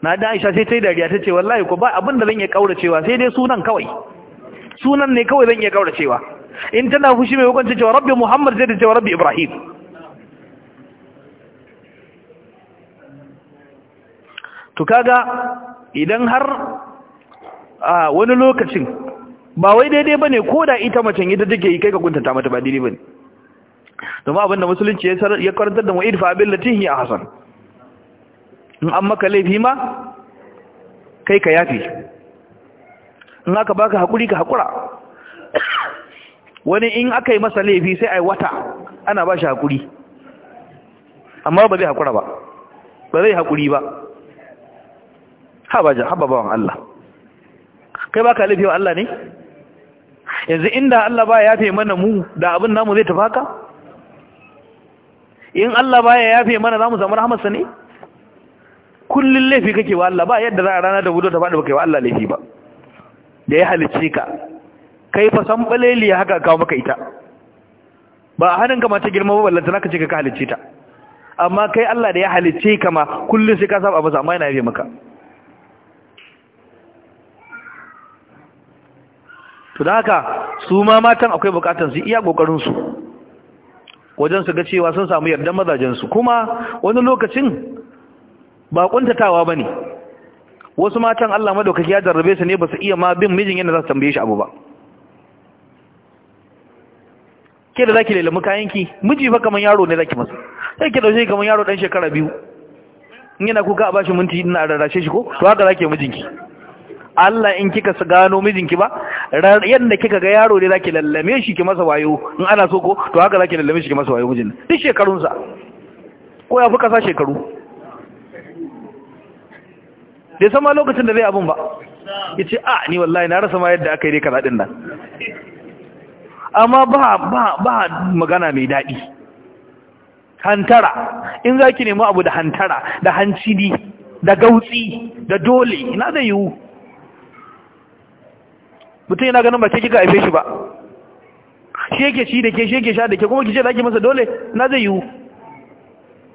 S1: na da aisha sai ta yi dariya ta ce wallahi ko ba abinda zan iya kauracewa sai dai sunan kawai sunan ne kawai zan iya kauracewa in tana fushi mai hukunci cewa rabbi muhammad sai da cewa rabbi ibrahim to kaga idan har a wani lokacin ba wai daidai ba ne ko da ita macen ita take yi kai ka kuntata mata ba daidai ba ne domin abinda musulunci ya karantar da wa'id fa'abin latin a hasan in an maka laifi ma kai ka yafi in aka baka hakuri ka hakura. wani in aka yi masa laifi sai a wata ana ba shi hakuri amma ba zai hakura ba ba zai hakuri ba haba ja haba bawan Allah kai baka laifi wa Allah ne yanzu inda Allah ba ya yafe mana mu da abin namu zai tafi haka in Allah ba ya yafe mana zamu zama rahmarsa ne kullun laifi kake wa Allah ba yadda za a rana da wudo ta faɗi baka yi wa Allah laifi ba da ya halice ka kai fa san baleliya haka kawo maka ita ba a hannun ka ta girma ba ballanta naka ce ka halice ta amma kai Allah da ya halice ka ma kullun sai ka saba masa amma yana yafe maka to da haka su ma matan akwai bukatar su iya kokarin su wajen su ga cewa sun samu yardan mazajen su kuma wani lokacin ba kuntatawa bane wasu matan Allah madaukaki ya jarrabe su ne ba su iya ma bin mijin yadda za su tambaye shi abu ba ke da zaki lalamu kayanki miji fa kaman yaro ne zaki masa sai ke dauke kaman yaro dan shekara biyu in yana kuka a bashi minti ina rarrashe shi ko to haka zaki mijinki Allah in kika su gano mijinki ba yadda kika ga yaro ne za ki lallame shi ki masa wayo in ana so ko to haka za ki lallame shi ki masa wayo mijin duk shekarunsa ko ya fi kasa shekaru da sama lokacin da zai abin ba ya ce a ni wallahi na rasa ma yadda aka yi dai kazaɗin nan amma ba ba ba magana mai daɗi hantara in za ki nemi abu da hantara da hancini da gautsi da dole ina zai yiwu mutum yana ganin ba ke kika haife shi ba shi yake ci da ke shi yake sha da ke kuma ki ce da ake masa dole na zai yiwu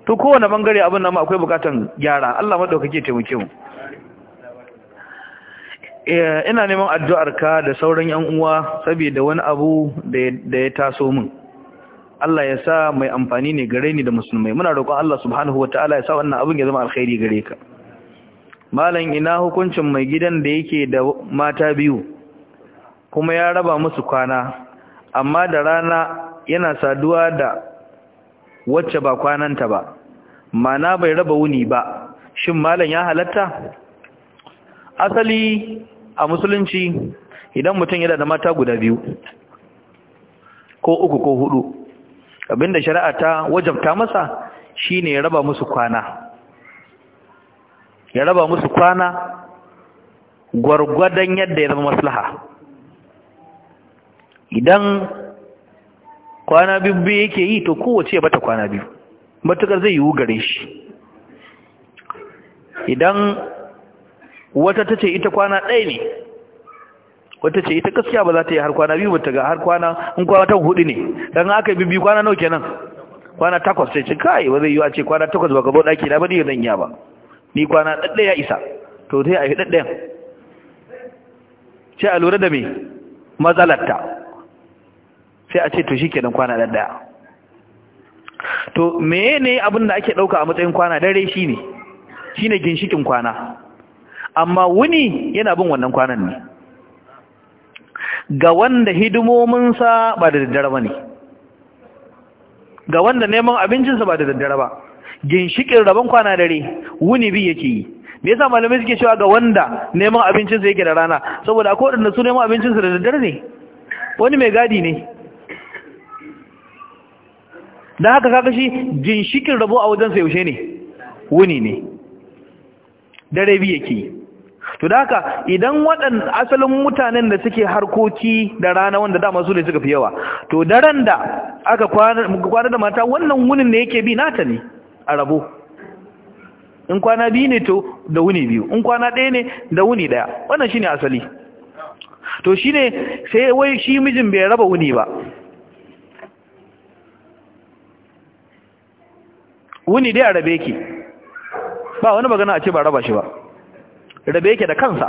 S1: to kowane bangare abin nan akwai bukatan gyara Allah madaukake taimake mu eh, ina neman addu'ar ka da sauran yan uwa saboda wani abu da ya taso min Allah ya sa mai amfani ne gare ni da musulmai muna roƙon Allah subhanahu wataala ya sa wannan abin ya zama alkhairi gare ka malam ina hukuncin mai gidan da yake da mata biyu kuma ya raba musu kwana amma da rana yana saduwa da wacce ba kwananta ba mana bai raba wuni ba shin malam ya halatta asali a musulunci idan mutum yana da mata guda biyu ko uku ko hudu abinda shari'a ta wajabta masa shine ya raba musu kwana ya raba musu kwana gwargwadon yadda ya zama maslaha idan kwana biyu biyu yake yi to kowace bata kwana biyu matukar zai yiwu gare shi idan wata ta ce ita kwana ɗaya ne wata ce ita gaskiya ba za ta yi har kwana biyu ba ta ga har kwana in kwana ta hudu ne don aka biyu-biyu kwana nau kenan kwana takwas sai ce kai ba zai yi a ce kwana takwas ba bau ɗaki na ba ne zan iya ba ni kwana ɗaɗɗe ya isa to sai a yi ɗaɗɗayan sai a lura da me matsalarta sai a ce to shi kenan kwana ɗaya to mene abin da ake ɗauka a matsayin kwana dare shi ne shi ne ginshikin kwana amma wuni yana bin wannan kwanan ne ga wanda hidimominsa ba da daddare ba ne ga wanda neman abincinsa ba da daddare ba ginshikin rabon kwana dare wuni bi yake yi me yasa malamai suke cewa ga wanda neman abincinsa yake da rana saboda akwai da su neman abincinsa da daddare ne wani mai gadi ne da haka kaga shi ginshikin rabo a wajensa yaushe ne wuni ne dare biyu yake to da haka idan waɗan asalin mutanen da suke harkoki da rana wanda dama su ne suka fi yawa to daren da aka kwana da mata wannan wunin ne yake bi nata ne a rabo in kwana biyu ne to da wuni biyu in kwana ɗaya ne da wuni ɗaya wannan shine asali to shine sai wai shi mijin bai raba wuni ba wuni dai a rabe yake ba wani magana a ce ba raba shi ba rabe yake da kansa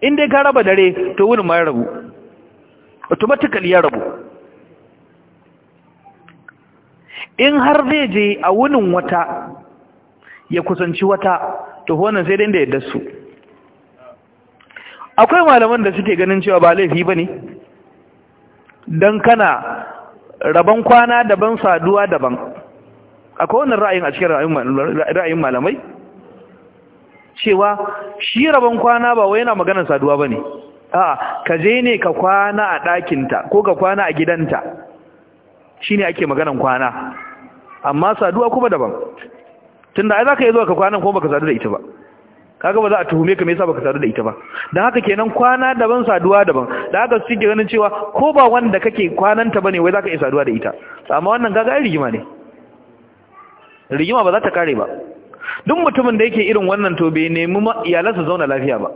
S1: in dai ka raba dare to wuni ma ya rabu automatically ya rabu in har zai je a wunin wata ya kusanci wata to wannan sai dai da dasu. su akwai malaman da suke ganin cewa ba laifi ba ne don kana raban kwana daban saduwa daban akwai wannan ra'ayin a cikin ra'ayin malamai cewa shi rabon kwana ba wai yana maganar saduwa ba ne a ka je ne ka kwana a ɗakinta ko ka kwana a gidanta shi ne ake maganar kwana amma saduwa kuma daban Tunda ai za ka yi zuwa ka kwanan kuma baka sadu da ita ba kaga ba za a tuhume ka me yasa baka sadu da ita ba Don haka kenan kwana daban saduwa daban da haka suke ganin cewa ko ba wanda kake kwananta bane wai za ka yi saduwa da ita amma wannan kaga ai rigima ne rigima ba za ta kare ba duk mutumin da yake irin wannan to bai nemi iyalansa zauna lafiya ba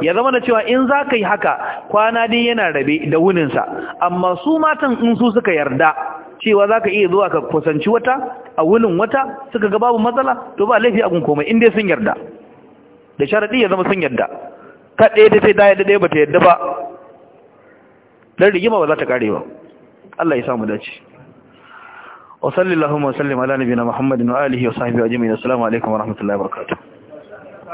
S1: ya zama da cewa in za ka yi haka kwana dai yana rabe da wuninsa amma su matan in su suka yarda cewa za ka iya zuwa ka kusanci wata a wunin wata suka ga babu matsala to ba laifi abin komai in dai sun yarda da sharaɗi ya zama sun yarda ka ɗaya da sai daya ɗaya ba ta yarda ba don rigima ba za ta kare ba Allah ya samu dace wa sallallahu wa sallim ala nabiyina muhammadin wa alihi wa sahbihi ajma'in assalamu alaikum wa rahmatullahi wa barakatuh